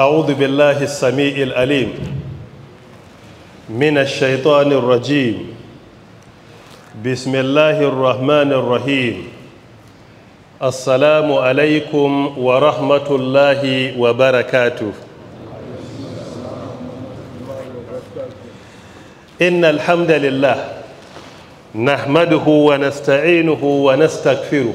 أعوذ بالله السميع العليم من الشيطان الرجيم بسم الله الرحمن الرحيم السلام عليكم ورحمة الله وبركاته إن الحمد لله نحمده ونستعينه ونستغفره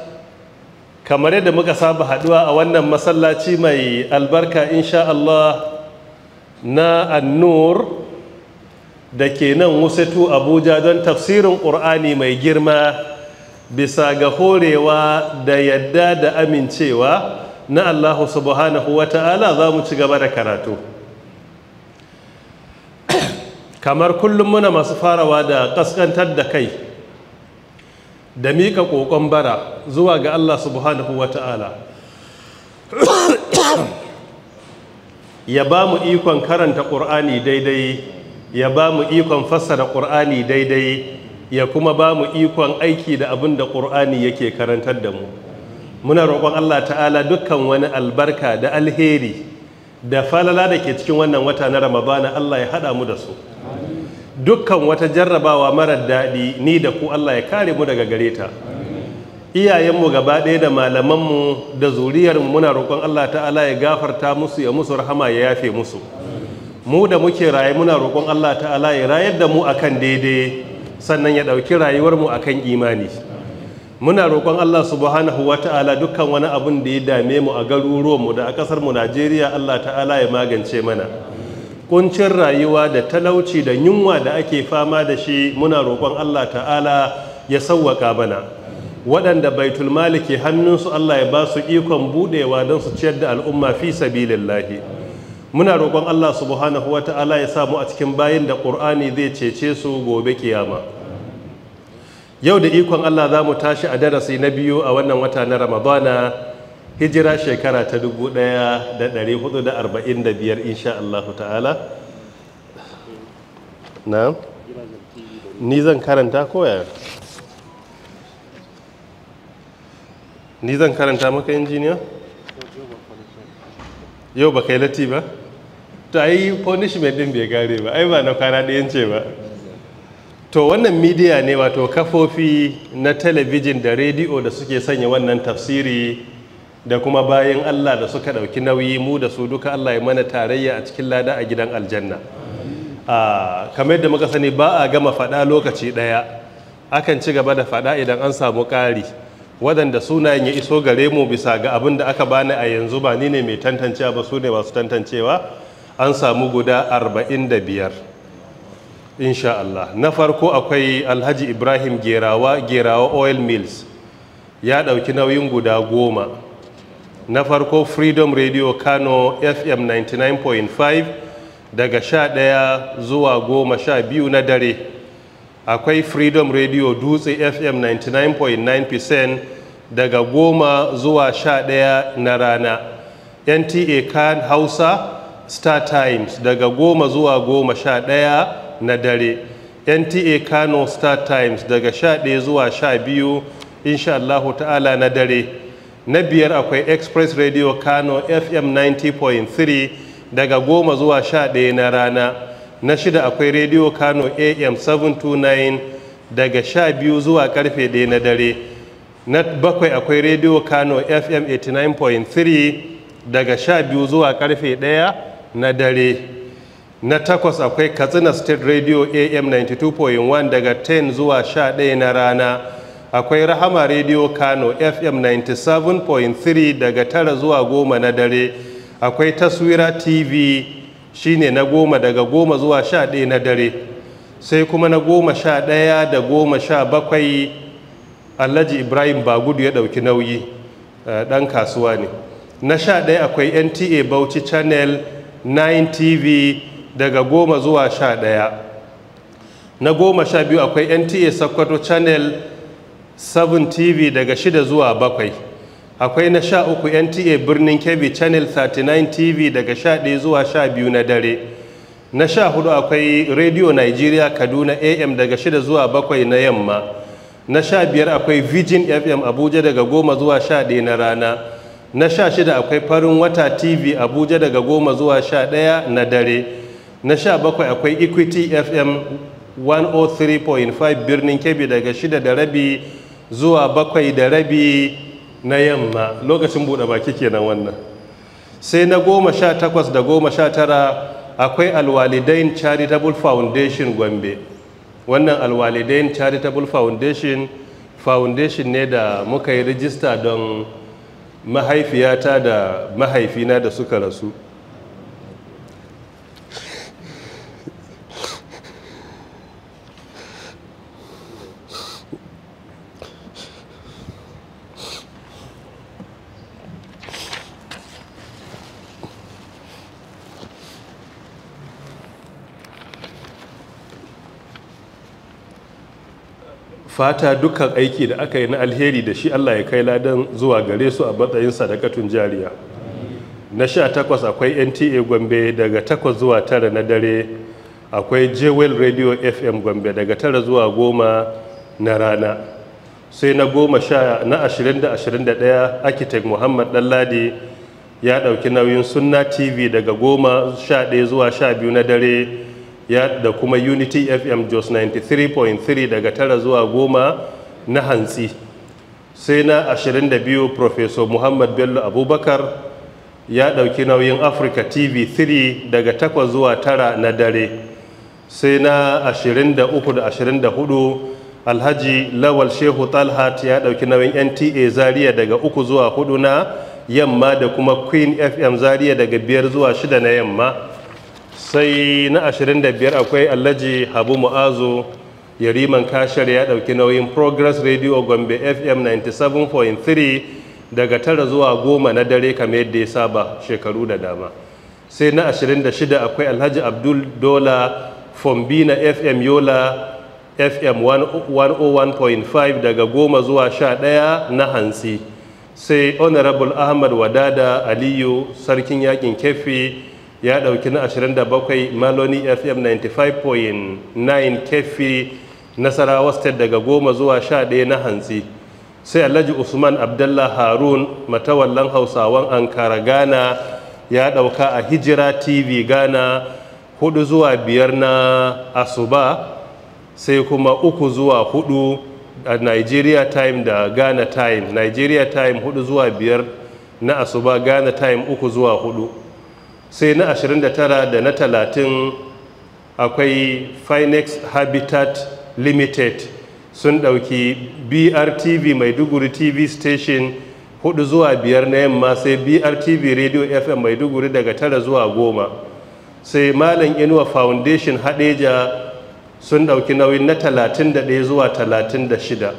kamar yadda muka saba haduwa a wannan masallaci mai albarka insha Allah na annur da ke nan wusatu abuja don tafsirin ƙur'ani mai girma bisa ga horewa da yadda da amincewa na allahu subhanahu wa ta'ala za mu ci gaba da karatu kamar kullum muna masu farawa da ƙasƙantar da kai da mika kokon bara zuwa ga Allah subhanahu ta'ala, ya ba mu ikon karanta ƙur'ani daidai ya ba mu ikon fassara ƙur'ani daidai ya kuma ba mu ikon aiki da abin da ƙur'ani yake karantar da mu muna roƙon Allah ta'ala dukkan wani albarka da alheri da falala da ke cikin wannan wata na ramadana Allah ya haɗa mu da su dukkan wata jarrabawa marar daɗi ni da ku Allah ya kare mu daga gare ta iyayenmu gaba ɗaya da malamanmu da zuriyarmu muna roƙon Allah ta'ala ya gafarta musu ya musu rahama ya yafe musu mu da muke raye muna roƙon Allah ta'ala ya rayar da mu akan daidai sannan ya ɗauki rayuwarmu akan imani muna roƙon Allah subhanahu wa ta'ala dukkan wani abun da ya dame mu a garuruwanmu da a ƙasarmu Najeriya Allah ta'ala ya magance mana kuncin rayuwa da talauci da yunwa da ake fama da shi muna roƙon Allah ta'ala ya sauwaƙa bana waɗanda baitul mali ke hannunsu Allah ya ba su ikon buɗewa don su ciyar da al'umma fi sabilillahi muna roƙon Allah subhanahu wa ta'ala ya samu a cikin bayan da ƙur'ani zai cece su gobe kiyama yau da ikon Allah za mu tashi a darasi na biyu a wannan wata na ramadana hijira shekara ta 1445 insha Allah ta'ala na ni zan karanta koya ni zan karanta maka injiniya yau ba kai latti ba ta yi punishment din bai gare ba ai ba na kwana ɗayan ce ba to wannan midiya ne wato kafofi na talabijin da rediyo da suke sanya wannan tafsiri da kuma bayan Allah da suka ɗauki nauyi mu da su duka Allah ya mana tarayya a cikin lada a gidan aljanna kamar yadda muka sani ba a gama faɗa lokaci ɗaya akan ci gaba da faɗa idan an samu ƙari waɗanda sunayen ya iso gare mu bisa ga abin da aka bani a yanzu ba ni ne mai tantancewa ba su ne masu tantancewa an samu guda arba'in da biyar insha Allah na farko akwai alhaji ibrahim gerawa gerawa oil mills ya ɗauki nauyin guda goma na farko freedom radio kano fm 99.5 daga 11 zuwa 12 na dare akwai freedom radio dutse fm 99.9% daga 10 zuwa 11 na rana nta kan hausa star times daga 10 zuwa 11 na dare nta kano star times daga 11 zuwa 12 insha allahu ta'ala na dare na biyar akwai express radio kano fm 90.3 daga goma zuwa sha ɗaya na rana na shida akwai radio kano am 729 daga sha biyu zuwa karfe ɗaya na dare na bakwai akwai radio kano fm 89.3 daga sha biyu zuwa karfe ɗaya na dare na takwas akwai katsina state radio am 92.1 daga 10 zuwa sha ɗaya na rana akwai rahama radio kano fm 97.3 daga tara zuwa goma na dare akwai taswira tv shine na goma daga goma zuwa sha ɗaya na dare sai kuma na goma sha ɗaya da goma sha bakwai alhaji ibrahim bagudu ya ɗauki nauyi eh, ɗan kasuwa ne na sha ɗaya akwai nta bauchi channel 9 tv daga goma zuwa sha ɗaya na goma sha biyu akwai nta sokoto channel 7 tv daga shida zuwa bakwai akwai na sha uku nta birnin kebbi channel 39 tv daga sha ɗaya zuwa sha biyu na dare na sha hudu akwai radio nigeria kaduna am daga shida zuwa bakwai na yamma na sha biyar akwai virgin fm abuja daga goma zuwa sha ɗaya na rana na sha shida akwai farin wata tv abuja daga goma zuwa sha ɗaya na dare na sha bakwai akwai equity fm 103.5 birnin kebbi daga shida da rabi zuwa bakwai da rabi na yamma lokacin buɗe baki kenan wannan sai na goma sha takwas da goma sha tara akwai alwalidain charitable foundation gombe wannan alwalidain charitable foundation foundation ne da muka yi rijista don mahaifiyata da mahaifina da suka rasu fata dukkan aiki da aka yi na alheri da shi Allah ya kai ladan zuwa gare su a matsayin sadakatun jariya na sha takwas akwai nta gombe daga takwas zuwa tara na dare akwai jewel radio fm gombe daga tara zuwa goma na rana sai na goma sha na ashirin da ashirin da ɗaya architect muhammad ɗanladi ya ɗauki nauyin sunna tv daga goma sha ɗaya zuwa sha biyu na dare da kuma unity fm jos 93.3 daga tara zuwa goma na hantsi sai na 22 professor muhammad bello abubakar ya ɗauki nauyin africa tv 3 daga takwas zuwa tara na dare sai na 23 da 24 alhaji lawal shehu talhat ya ɗauki nauyin nta zaria daga uku zuwa hudu na yamma da kuma queen fm zaria daga biyar zuwa shida na yamma sai na 25 akwai alhaji habu mu'azu yariman kashar ya ɗauki nauyin progress radio gombe fm 97.3 daga tara zuwa goma na dare kamar yadda ya saba shekaru da dama sai na 26 akwai alhaji abdul dola fombina fm yola fm 101.5 daga goma zuwa sha ɗaya na hansi. sai honorable ahmad wadada aliyu sarkin yakin kefi ya dauki na 27 maloni fm 95.9 kefi nasarawa state daga goma zuwa 11 na hantsi sai alhaji usman abdallah harun matawallan hausawan ankara ghana ya dauka a hijira tv ghana 4 zuwa 5 na asuba sai kuma 3 zuwa 4 a nigeria time da ghana time nigeria time 4 zuwa 5 na asuba ghana time 3 zuwa 4. sai na 29 da na 30 akwai finex habitat limited sun dauki brtv mai duguri tv station 4 zuwa 5 na yamma sai brtv radio fm mai duguri daga 9 zuwa 10 sai malam inuwa foundation hadeja sun dauki nauyin na 31 zuwa 36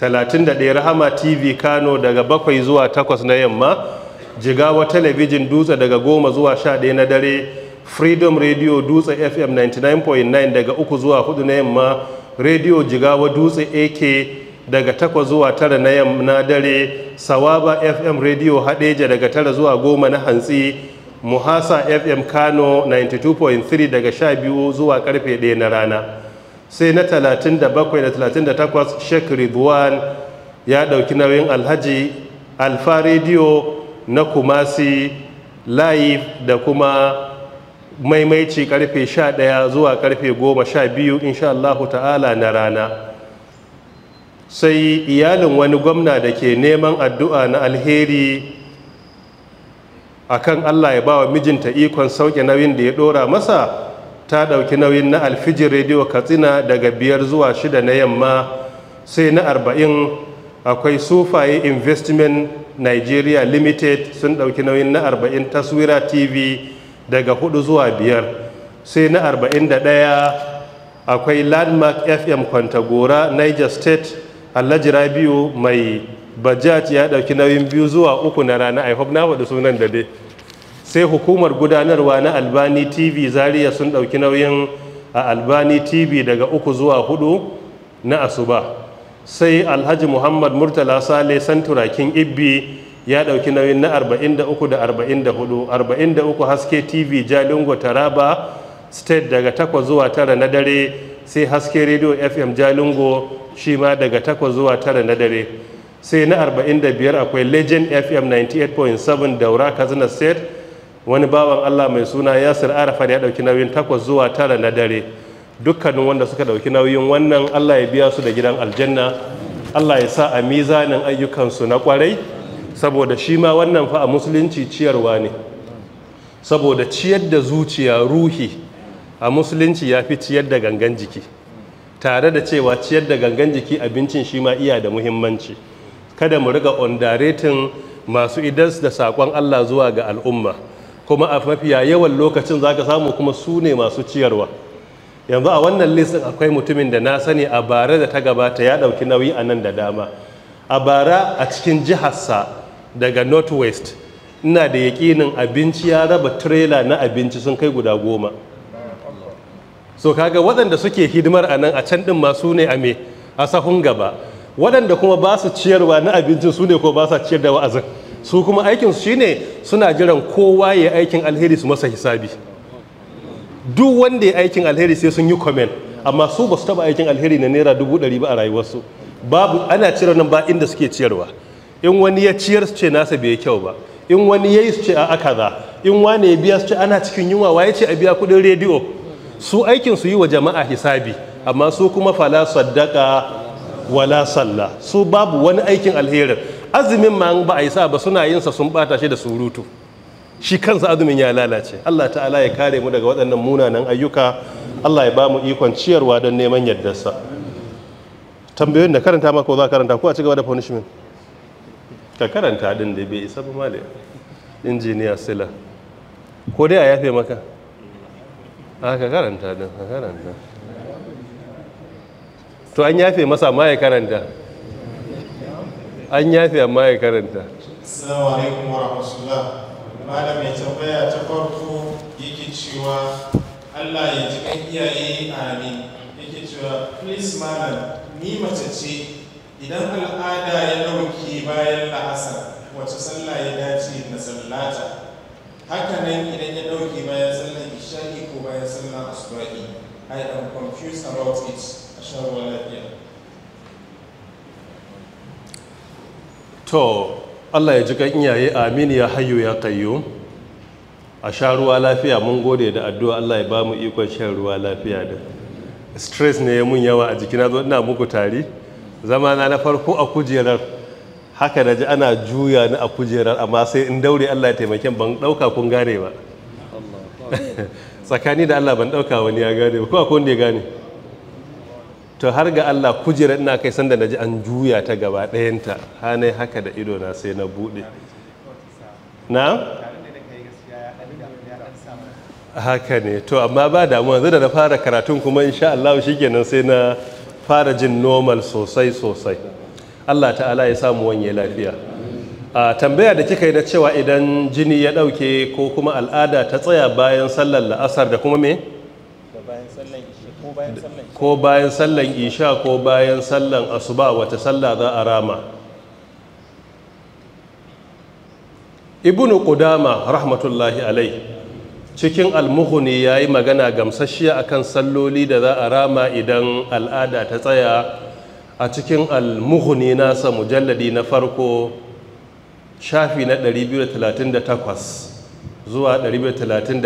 31 rahama tv kano daga 7 zuwa 8 na yamma jigawa talabijin dutse daga goma zuwa sha ɗaya na dare freedom radio dutse fm 99.9 daga uku zuwa hudu na yamma radio jigawa dutse ak daga takwas zuwa tara na yamma dare sawaba fm radio hadeja daga tara zuwa goma na hantsi muhasa fm kano 92.3 daga sha biyu zuwa karfe ɗaya na rana sai na 37 da 38 sheikh ridwan ya ɗauki nauyin alhaji alfa radio na kumasi live da kuma maimaici karfe 11 zuwa karfe 12 insha Allah ta'ala na rana sai iyalin wani gwamna da ke neman addu'a na alheri akan Allah ya ba wa mijinta ikon sauke nauyin da ya dora masa ta ɗauki nauyin na alfijir rediyo katsina daga biyar zuwa shida na yamma sai na arba'in akwai sufaye investment nigeria limited sun ɗauki nauyin na 40 taswira tv daga 4 zuwa 5 sai na 41 akwai landmark fm kwantagora niger state alhaji rabiu mai bajaj ya ɗauki nauyin biyu zuwa uku na rana i hope na faɗi sunan da dai sai hukumar gudanarwa na albani tv zaria sun ɗauki nauyin a albani tv daga uku zuwa hudu na asuba sai alhaji muhammad murtala sale santurakin ibbi ya ɗauki nauyin na 43 da 44 43 haske tv jalingo taraba state daga 8 zuwa 9 na dare sai haske radio fm jalingo shi ma daga 8 zuwa 9 na dare sai na 45 akwai legend fm 98.7 daura kazina state wani bawan allah mai suna yasir Arafa ya ɗauki nauyin 8 zuwa 9 na dare dukkanin wanda suka dauki nauyin wannan Allah ya biya su da gidan aljanna Allah ya sa a mizanin ayyukansu na kwarai saboda shi ma wannan fa a musulunci ciyarwa ne saboda ciyar da zuciya ruhi a musulunci ya fi ciyar da gangan jiki tare da cewa ciyar da gangan jiki abincin shi ma iya da muhimmanci kada mu riga ondaretin masu idas da saƙon Allah zuwa ga al'umma kuma a mafiya yawan lokacin zaka samu kuma su ne masu ciyarwa yanzu a wannan lisin akwai mutumin da na sani a bara da ta gabata ya ɗauki nauyi a nan da dama a bara a cikin jiharsa daga northwest ina da yakinin abinci ya raba trailer na abinci sun kai guda goma so kaga waɗanda suke hidimar a nan a can ɗin masu ne a a sahun gaba waɗanda kuma ba su ciyarwa na abinci su ne ko ba sa ciyar da wa'azin su kuma aikinsu shine suna jiran kowa ya aikin alheri su masa hisabi duk wanda ya aikin alheri sai sun yi komen amma su ba su taba aikin alheri na naira dubu ɗari ba a rayuwarsu babu ana cire nan ba inda suke ciyarwa in wani ya ciyar su ce nasa bai kyau ba in wani ya yi su ce a kaza in wani ya biya su ce ana cikin yunwa ya ce a biya kuɗin rediyo su aikin su yi wa jama'a hisabi amma su kuma fala saddaka wala sallah su babu wani aikin alherin azumin ma ba a yi sa ba suna yin sa sun bata shi da surutu shi kansa azumin ya lalace Allah ta'ala ya kare mu daga waɗannan munanan ayyuka Allah ya ba mu ikon ciyarwa don neman yaddarsa. tambayoyin da karanta maka ko za karanta ko a cigaba da punishment ka karanta din da bai isa ba male injiniya sila ko dai a yafe maka a ka karanta din ka karanta to an yafe masa ma ya karanta an yafe amma ya karanta assalamu alaikum wa malam mai tambaya ta farko yake cewa allah ya ji kan iyaye amin yake cewa please malam ni mace ce idan al'ada ya dauke bayan la'asar wace sallah ya dace na sallata nan idan ya dauke bayan sallar isha'i ko bayan sallar asuba'i i am confused about it a shawarwar lafiya to Allah ya ji kan iyaye amin ya hayyu ya qayyum a sha ruwa lafiya mun gode da addu'a Allah ya ba mu ikon shan ruwa lafiya da stress ne ya mun yawa a jikina zo ina muku tari zama na na farko a kujerar haka da ji ana juya ni a kujerar amma sai in daure Allah ya taimake ban dauka kun gane ba tsakani da Allah ban dauka wani ya gane ba ko akwai wanda ya gane to har ga Allah kujerar ina kai sanda na ji an juya ta gaba ɗayanta hane haka da ido na sai na buɗe na haka ne to amma ba damuwa zai da na fara karatun kuma insha Allah shikenan sai na fara jin normal sosai sosai Allah ta'ala ya samu wanye lafiya a tambaya da kika yi da cewa idan jini ya ɗauke ko kuma al'ada ta tsaya bayan sallar la'asar da kuma me? ko bayan sallan isha ko bayan sallan asuba wata salla za a rama ibnu qudama rahmatullahi alai cikin almuhuni ya yi magana gamsasshiya akan salloli da za a rama idan al'ada ta tsaya a cikin almuhuni nasa mujalladi na farko shafi na 238 zuwa 239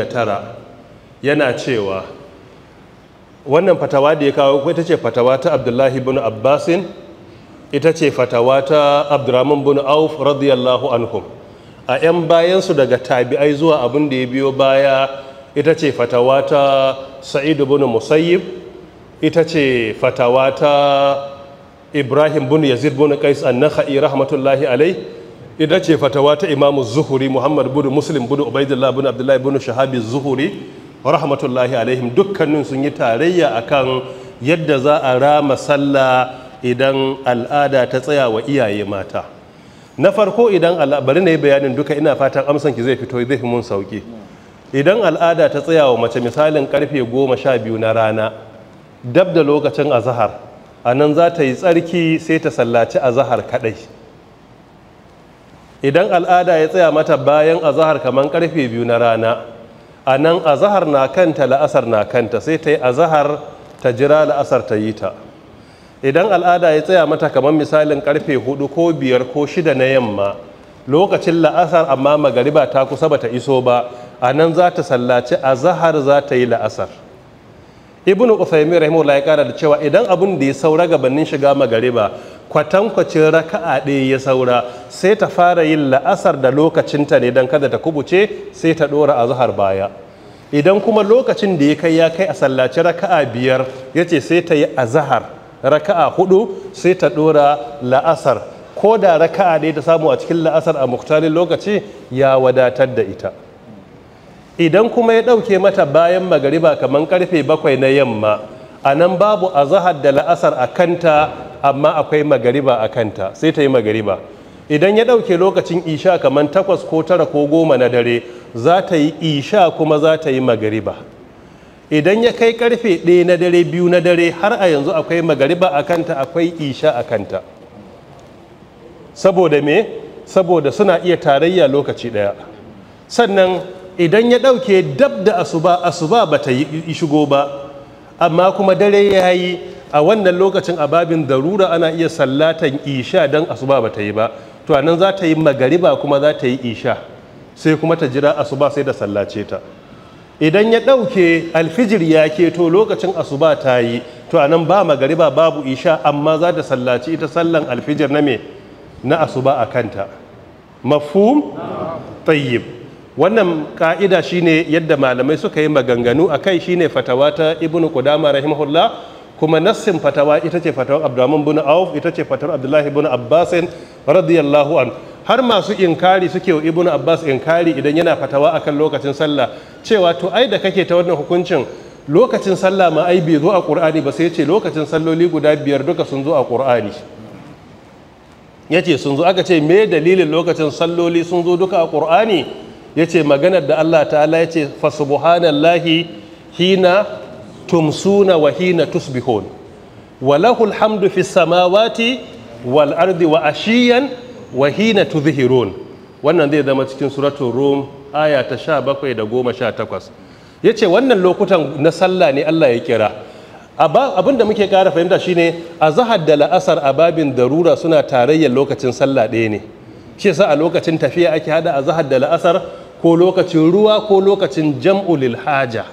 yana cewa wannan fatawa da ya kawo ita ce fatawa ta abdullahi bin abbasin ita ce fatawa ta abdurrahman bin auf radiyallahu anhu. a 'yan bayansu daga tabi'ai zuwa abin da ya biyo baya ita ce fatawa ta sa'idu bin musayyib ita ce fatawa ta ibrahim bin yazid bin qais an-nakhai rahmatullahi alai ita ce fatawa ta imamu zuhuri muhammad bin muslim bin ubaidillah bin abdullahi bin shahabi zuhuri rahmatullahi alaihim dukkanin sun yi tarayya akan yadda za a rama sallah idan al'ada ta tsaya wa iyaye mata na farko idan bari na yi bayanin duka ina fatan amsan ki zai fito zai fi mun sauki idan al'ada ta tsaya wa mace misalin karfe goma sha biyu na rana dab da lokacin azahar a nan za ta yi tsarki sai ta sallaci azahar kadai idan al'ada ya tsaya mata bayan azahar kamar karfe biyu na rana a nan azahar na kanta la'asar na kanta sai ta yi azahar ta jira la'asar ta yi ta idan al'ada ya tsaya mata kamar misalin karfe hudu ko biyar ko shida na yamma lokacin la'asar amma magariba ta kusa bata iso ba a nan za ta sallaci azahar za ta yi la'asar ibnu usaimin rahimahullah ya kara da cewa idan abin da ya saura gabanin shiga magariba kwatankwacin raka'a ɗaya ya saura sai ta fara yin la'asar da lokacinta ne don kada ta kubuce sai ta ɗora a zuhar baya idan kuma lokacin da ya kai ya kai a sallaci raka'a biyar ya ce sai ta yi a zahar raka'a hudu sai ta ɗora la'asar ko da raka'a ɗaya ta samu a cikin la'asar a muktalin lokaci ya wadatar da ita idan kuma ya ɗauke mata bayan magariba kamar karfe bakwai na yamma a nan babu azahar da la'asar a kanta amma akwai magariba a kanta sai ta yi magariba idan ya ɗauke lokacin isha kamar takwas ko tara ko goma na dare za ta yi isha kuma za ta yi magariba idan ya kai karfe ɗaya na dare biyu na dare har a yanzu akwai magariba a kanta akwai isha a kanta saboda me saboda suna iya tarayya lokaci ɗaya sannan idan ya ɗauke dab da asuba asuba ba ta yi shigo ba amma kuma dare ya yi a wannan lokacin a babin darura ana iya sallatan isha don asuba ba ta yi ba to a nan za ta yi magariba kuma za ta yi isha sai kuma ta jira asuba sai da sallace ta idan ya ɗauke alfijir ya keto lokacin asuba ta yi to a nan ba magariba babu isha amma za ta sallaci ita sallan alfijir na me na asuba a kanta mafhum tayyib wannan ka'ida shine yadda malamai suka yi maganganu a kai shine fatawa ta ibn qudama rahimahullah kuma nassin fatawa ita ce fatawar abdurrahman bin auf ita ce fatawar abdullahi bin abbas radiyallahu an har masu inkari suke wa ibn abbas inkari idan yana fatawa akan lokacin sallah cewa to ai da kake ta wannan hukuncin lokacin sallah ma ai bai zo a qur'ani ba sai ce lokacin salloli guda biyar duka sun zo a qur'ani ya ce sun zo aka ce me dalilin lokacin salloli sun zo duka a qur'ani yace maganar da Allah ta'ala yace fa subhanallahi hina tumsuna wa hina tusbihun wa lahul hamdu fi samawati wal ardi wa ashiyan wa hina wannan zai zama cikin suratun rum aya ta 17 da goma sha 18 yace wannan lokutan na sallah ne Allah ya kira abin da muke kara fahimta shine a zahar da la'asar a babin darura suna tarayyar lokacin sallah ɗaya ne shi yasa a lokacin tafiya ake hada a zahar da la'asar ko lokacin ruwa ko lokacin jam'ulil haja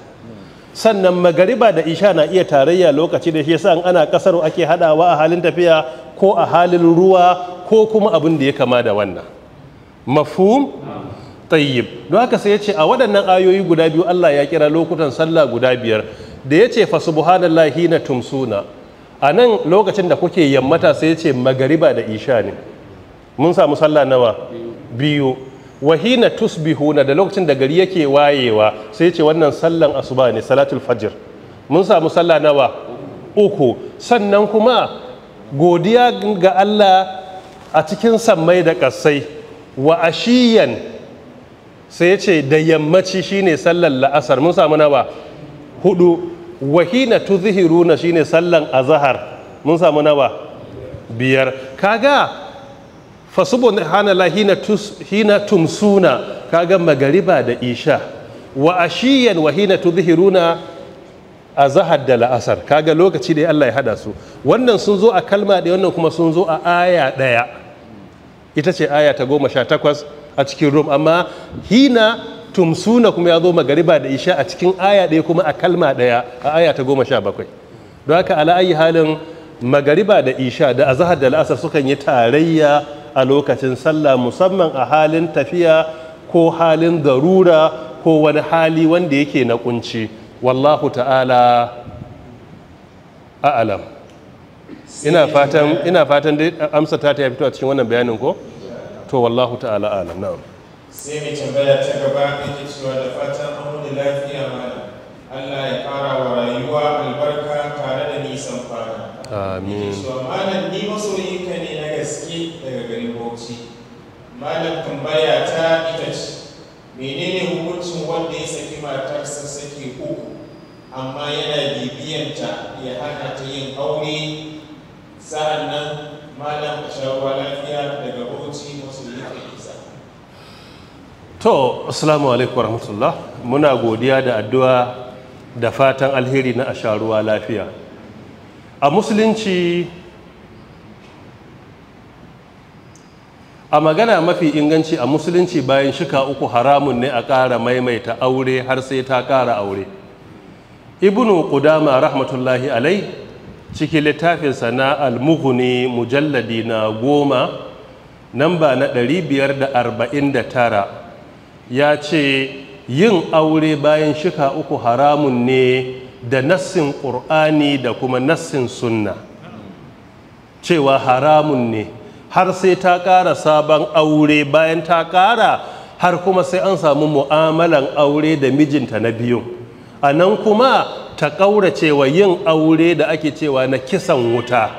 sannan magariba da isha na iya tarayya lokaci da shi yasa ana kasar ake hadawa a halin tafiya ko a halin ruwa ko kuma abin da ya kama da wannan mafhum tayyib don haka sai ya ce a waɗannan ayoyi guda biyu Allah ya kira lokutan sallah guda biyar da ya ce fa subhanallahi na tumsuna a nan lokacin da kuke yammata sai ya ce magariba da isha ne mun samu sallah nawa biyu wahina tusbihuna da lokacin da gari yake wayewa sai ce wannan sallan asuba ne salatul fajr mun samu sallah nawa uku sannan kuma godiya ga Allah a cikin sammai da ƙasai wa ashiyan sai ce da yammaci shine sallan la'asar mun samu nawa hudu wahina tuzhiruna shine sallan azhar mun samu nawa biyar kaga fasubun hina hina tumsuna kaga magariba da isha wa ashiyan wa hina a zahar da la'asar kaga lokaci da Allah ya hada su wannan sun zo a kalma da wannan kuma sun zo a aya daya ita ce aya ta goma sha takwas a cikin rum amma hina tumsuna kuma ya zo magariba da isha a cikin aya daya kuma a kalma daya a aya ta goma sha bakwai don haka ala'ayi halin magariba da isha da zahar da la'asar sukan yi tarayya a lokacin sallah musamman a halin tafiya ko halin darura ko wani hali wanda yake na kunci wallahu ta'ala a'alam ina fatan ina fatan dai amsa ta ta fito a cikin wannan bayanin ko to wallahu ta'ala a'alam na'am sai mai tambaya ta gaba yake cewa da fatan an lafiya malam Allah ya fara wa rayuwa albarka tare da nisan fara. Amin. Yake cewa malam ni masoyi malam tambaya ta ita ce menene hukuncin wanda ya saki matarsa saki uku amma yana bibiyan ta ya hana ta yin aure sa'an nan malam a shawarwa lafiya daga bauchi masu ta isa to assalamu alaikum warahmatullah muna godiya da addu'a da fatan alheri na a sharuwa lafiya a musulunci a magana mafi inganci a musulunci bayan shika uku haramun ne a ƙara maimaita aure har sai ta ƙara aure ibnu qudama rahmatullahi alai ciki littafinsa na muhuni mujalladi na goma namba na 549 ya ce yin aure bayan shika uku haramun ne da nassin ƙur'ani da kuma nassin sunna cewa haramun ne har sai ta ƙara sabon aure bayan ta ƙara har kuma sai an samu mu'amalan aure da mijinta na biyu a nan kuma ta ƙaurace wa yin aure da ake cewa na kisan wuta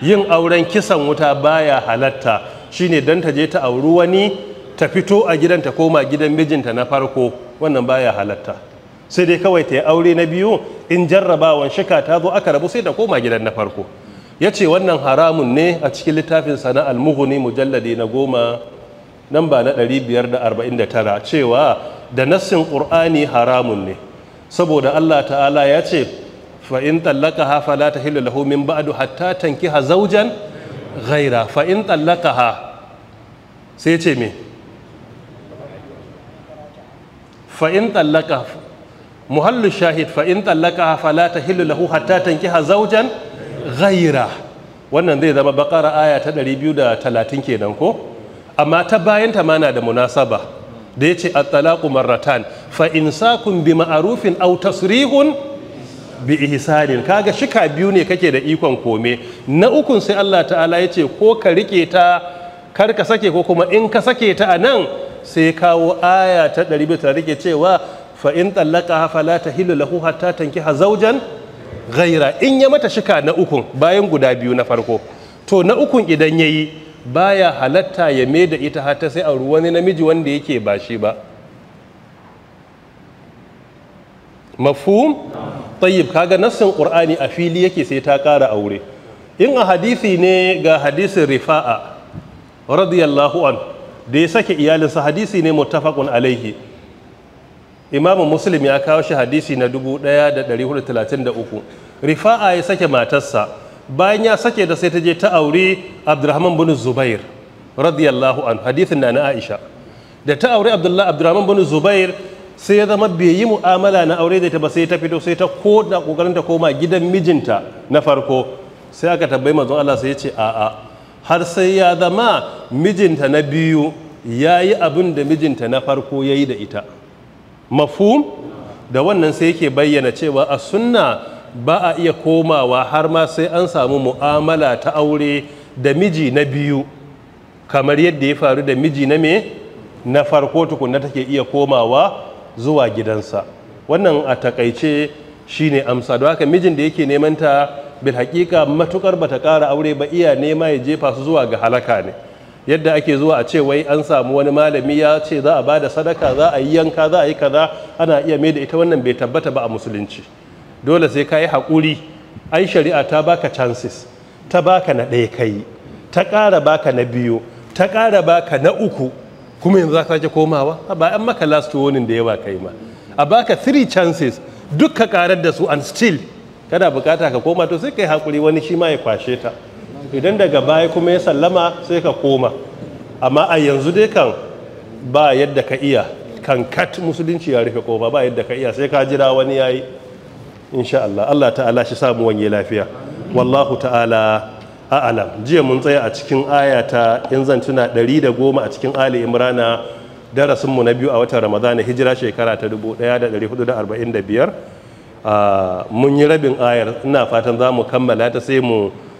yin auren kisan wuta baya halatta shine don ta je ta auri wani ta fito a gidan ta koma gidan mijinta na farko wannan baya halatta sai dai kawai ta yi aure na biyu in jarrabawan shika ta zo aka rabu sai ta koma gidan na farko ya ce wannan haramun ne a cikin littafin sana almuhuni mujalladi na goma nan ba na 549 cewa da nassin ƙur'ani haramun ne saboda allah ta'ala ya ce fa'in tallaka ha fala ta hillu lahu min ba'adu hatta tanki ha zaujan ghaira fa'in tallaka ha sai ce me fa'in tallaka muhallu shahid fa'in tallaka ha fala ta hillu lahu hatta tanki ha zaujan ghaira wannan zai zama bakara aya ta 230 kenan ko amma ta bayan ta mana da munasaba da yace at-talaqu marratan fa kun bi ma'rufin aw tasrihun bi ihsanin kaga shika biyu ne kake da ikon kome na ukun sai Allah ta'ala yace ko ka rike ta kar ka sake ko kuma in ka sake ta anan sai kawo aya ta 230 ta rike cewa fa in tallaqaha fala tahillu lahu hatta tankiha zawjan ghaira in ya mata shika na ukun bayan guda biyu na farko to na ukun idan ya yi baya halatta ya mai da ita hata sai a wani namiji wanda yake ba shi ba mafhum tayyib kaga nassin qur'ani a fili yake sai ta kara aure in a hadisi ne ga hadisin rifa'a radiyallahu an da ya sake iyalinsa hadisi ne muttafaqun alaihi imamu muslim ya kawo shi hadisi na 1433 rifa'a ya sake matarsa bayan ya sake da sai ta je ta auri abdurrahman bin zubair radiyallahu anhu hadisin na na aisha da ta aure abdullahi abdurrahman bin zubair sai ya zama bai yi mu'amala na aure da ta ba sai ta fito sai ta ko da kokarin ta koma gidan mijinta na farko sai aka tabbai manzon Allah sai ya ce a'a har sai ya zama mijinta na biyu yayi abin da mijinta na farko yayi da ita mafhum da wannan sai yake bayyana cewa a sunna ba a iya komawa har ma sai an samu mu'amala ta aure da miji na biyu kamar yadda ya faru da miji na me na farko tukunna take iya komawa zuwa gidansa wannan a takaice shine amsa don haka mijin da yake neman ta bil hakika matukar bata ƙara aure ba iya nema ya jefa su zuwa ga halaka ne yadda ake zuwa a ce wai an samu wani malami ya ce za a ba da sadaka za a yi yanka za a yi kaza ana iya mai da ita wannan bai tabbata ba a musulunci dole sai ka yi haƙuri ai shari'a ta baka chances ta baka na ɗaya ka ta ƙara baka na biyu ta ƙara baka na uku kuma yanzu za ka sake komawa ba an maka last warning da yawa kai ma a baka three chances duk ka ƙarar da su and still kana bukata ka koma to sai ka yi haƙuri wani shi ma ya kwashe ta idan daga baya kuma ya sallama sai ka koma amma a yanzu dai kan ba yadda ka iya kan kat musulunci ya rufe koma ba yadda ka iya sai ka jira wani yayi insha Allah Allah ta'ala shi samu wanye lafiya wallahu ta'ala a'alam jiya mun tsaya a cikin ayata in zan tuna 110 a cikin ali imrana darasin mu na biyu a watan ramadana hijira shekara ta 1445 ah, mun yi rabin ayar ina fatan za mu kammala ta sai mu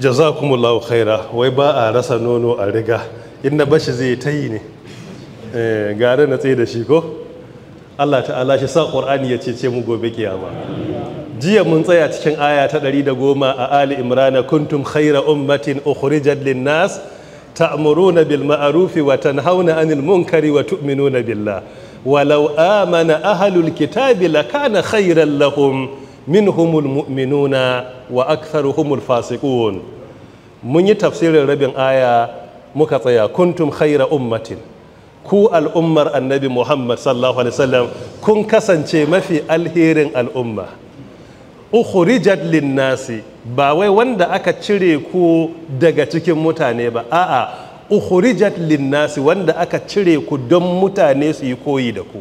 jazakumullahu khaira wai ba a rasa nono a riga in na bashi zai ta yi ne eh, gare na tsaye da shi ko Allah ta'ala shi sa ƙur'ani ya ce mu gobe kiyama jiya mun tsaya cikin aya ta ɗari da goma a ali imrana kuntum khaira ummatin ukhrijat linnas ta'muruna bil ma'rufi wa tanhauna 'anil munkari wa tu'minuna billah walau amana ahlul kitabi lakana khairan lahum humul mu'minuna wa humul fasiqun mun yi tafsirin rabin aya muka tsaya kuntum khaira ummatin ku al'ummar annabi muhammad sallallahu alaihi wasallam kun kasance mafi alherin al'umma ukhrijat linnasi ba wai wanda aka cire ku daga cikin mutane ba a'a ukhrijat linnasi wanda aka cire ku don mutane su yi koyi da ku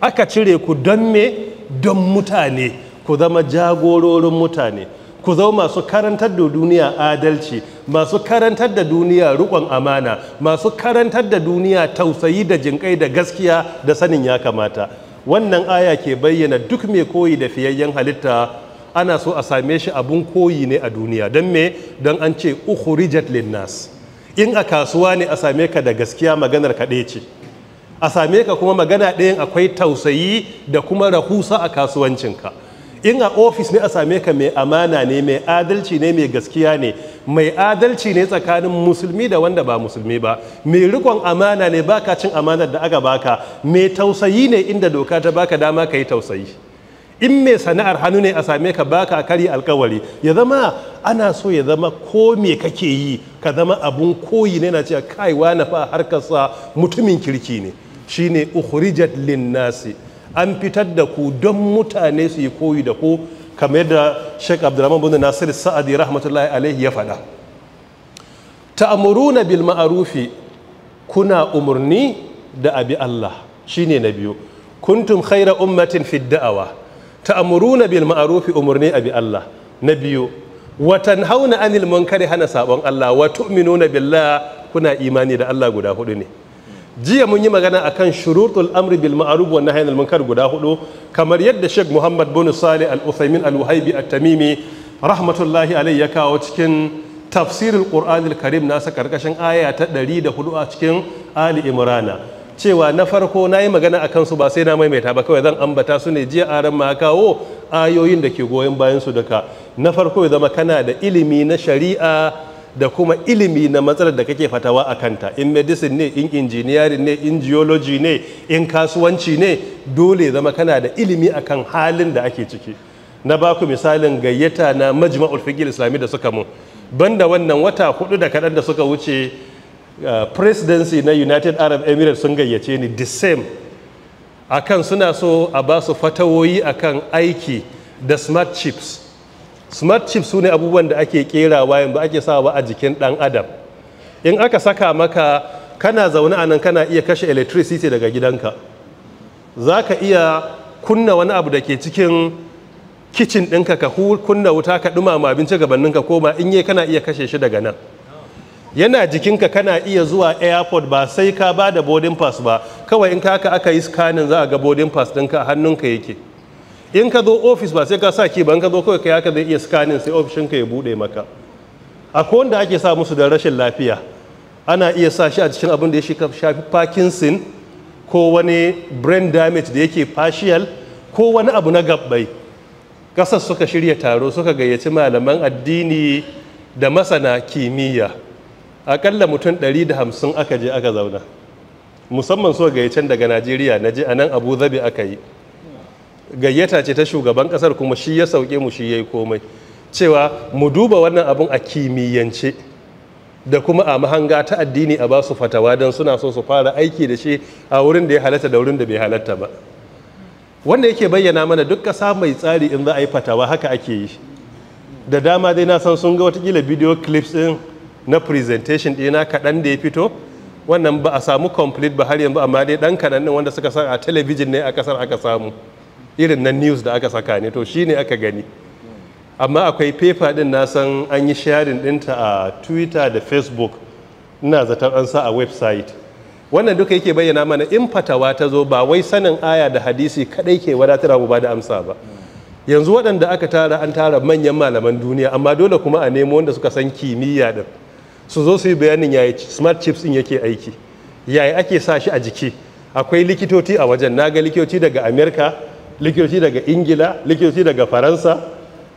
aka cire ku don me don mutane ku zama jagororin mutane ku zama masu karantar da duniya adalci masu karantar da duniya rukon amana masu karantar da duniya tausayi da jinƙai da gaskiya da sanin ya kamata wannan aya ke bayyana duk mai koyi da fiyayyen halitta ana so a same shi abun koyi ne a duniya don me don an ce ukhrijat linnas in a kasuwa ne a same ka da gaskiya maganar kaɗai ce a same ka kuma magana ɗayan akwai tausayi da kuma rahusa a kasuwancinka in a ofis ne a same ka mai amana ne mai adalci ne mai gaskiya ne mai adalci ne tsakanin musulmi da wanda ba musulmi ba mai rikon amana ne baka cin amanar da aka baka mai tausayi ne inda doka ta baka dama ka yi tausayi in mai sana'ar hannu ne a same ka baka kari alkawari ya zama ana so ya zama ko me kake yi ka zama abun koyi ne na cewa kaiwa na fa harkarsa mutumin kirki ne shine ukhrijat linnasi an fitar da ku don mutane su yi koyi da ku kamar yadda Sheikh Abdulrahman bin Nasir Sa'adi rahmatullahi alaihi ya faɗa ta'muruna bil ma'rufi kuna umurni da abi Allah shine na biyu kuntum khaira ummatin fid da'awa ta'muruna bil ma'rufi umurni abi Allah na biyu watan hauna anil munkari hana sabon Allah wa tu'minuna billah kuna imani da Allah guda hudu ne jiya mun yi magana akan shurutul amri bil ma'ruf wa nahyi anil munkar guda hudu kamar yadda Sheikh Muhammad bin Salih Al Uthaymin Al Wahibi At Tamimi rahmatullahi alayhi ya kawo cikin tafsirul Qur'anil Karim nasa karkashin aya ta ɗari da 104 a cikin Ali Imrana cewa na farko na yi magana a kansu ba sai na maimaita ba kawai zan ambata su ne jiya aran ma kawo ayoyin da ke goyon bayan su duka na farko ya zama kana da ilimi na shari'a da kuma ilimi na matsalar da kake fatawa a kanta in medicine ne in engineering ne in geology ne in kasuwanci ne dole zama kana da ilimi akan halin da ake ciki na baku misalin gayyata na majma'ul fiqh islami da suka mun banda wannan wata hudu da kadan da suka wuce uh, presidency na United Arab Emirates sun gayyace ni the same akan suna so a ba su fatawoyi akan aiki da smart chips smart chip su ne abubuwan da ake kerawa yanzu ake sawa a jikin dan adam in aka saka maka kana zaune a nan kana iya kashe electricity daga gidanka za ka iya kunna wani abu da ke cikin kicin ɗinka ka kunna wuta ka ɗumama abinci gabaninka koma in yi kana iya kashe shi daga nan yana jikinka kana iya zuwa airport ba sai ka ba da boarding pass ba kawai in ka aka yi scanning za a ga boarding pass ɗinka a hannunka yake in ka zo ofis ba sai ka sa ki ba in ka zo kawai ka haka zai iya scanning sai ofishin ka ya bude maka a wanda ake sa musu da rashin lafiya ana iya sa shi a cikin abin da ya shafi parkinson ko wani brain damage da yake partial ko wani abu na gabbai kasar suka shirya taro suka gayyaci malaman addini da masana kimiyya akalla mutum 150 aka je aka zauna musamman suka gayyacin daga najeriya na je a nan abu zabi aka yi gayyata ce ta shugaban kasar kuma shi ya sauke mu shi ya yi komai cewa mu duba wannan abun a kimiyyance da kuma a mahanga ta addini a ba su fatawa don suna so su fara aiki da shi a wurin da ya halatta da wurin da bai halatta ba wanda yake bayyana mana duk kasa mai tsari in za a yi fatawa haka ake yi da dama dai na san sun ga watakila video clips din na presentation ɗina kaɗan da ya fito wannan ba a samu complete ba har yanzu amma dai dan kaɗan ɗin wanda suka sa a talabijin ne a kasar aka samu irin nan news da aka saka ne to shi ne aka gani amma akwai paper din na san an yi sharing dinta a twitter da facebook ina zaton an sa a website wannan duka yake bayyana mana in fatawa ta zo ba wai sanin aya da hadisi kadai ke wadatar mu ba da amsa ba yanzu waɗanda aka tara an tara manyan malaman duniya amma dole kuma a nemo wanda suka san kimiyya din su zo su yi bayanin yayi smart chips din yake aiki yayi ake sa shi a jiki akwai likitoci a wajen naga likitoci daga america likitoci daga ingila likitoci daga faransa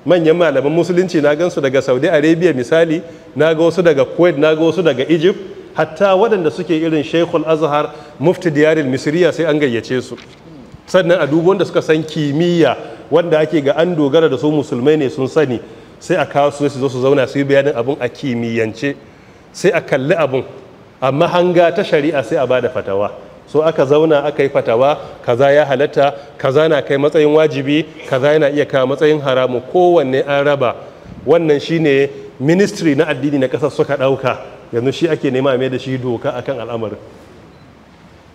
manyan malaman musulunci na gansu daga saudi arabia misali na ga wasu daga kuwait na ga wasu daga egypt hatta waɗanda suke irin sheikhul azhar mufti diyaril misriya sai an gayyace su sannan a duk wanda suka san kimiyya wanda ake ga an dogara da su musulmai ne sun sani sai a kawo su su zo su zauna su yi bayanin abin a kimiyyance sai a kalli abin amma hanga ta shari'a sai a bada fatawa so aka zauna aka yi fatawa kaza ya halatta kaza na kai matsayin wajibi kaza yana iya kawo matsayin haramu kowanne an raba wannan shine ministry na addini na ƙasar suka ɗauka yanzu shi ake nema mai da shi doka akan al'amarin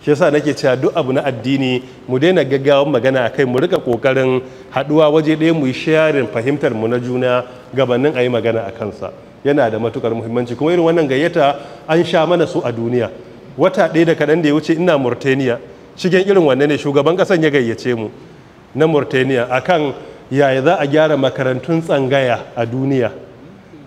shi yasa nake cewa duk abu na addini mu daina gaggawan magana a kai mu rika kokarin haɗuwa waje ɗaya mu yi sharin fahimtar mu na juna gabanin a yi magana a kansa yana da matukar muhimmanci kuma irin wannan gayyata an sha mana su a duniya wata ɗaya da kaɗan da ya wuce ina murtaniya cikin irin wanne ne shugaban ƙasan ya gayyace mu na murtaniya akan yaya za a gyara makarantun tsangaya a duniya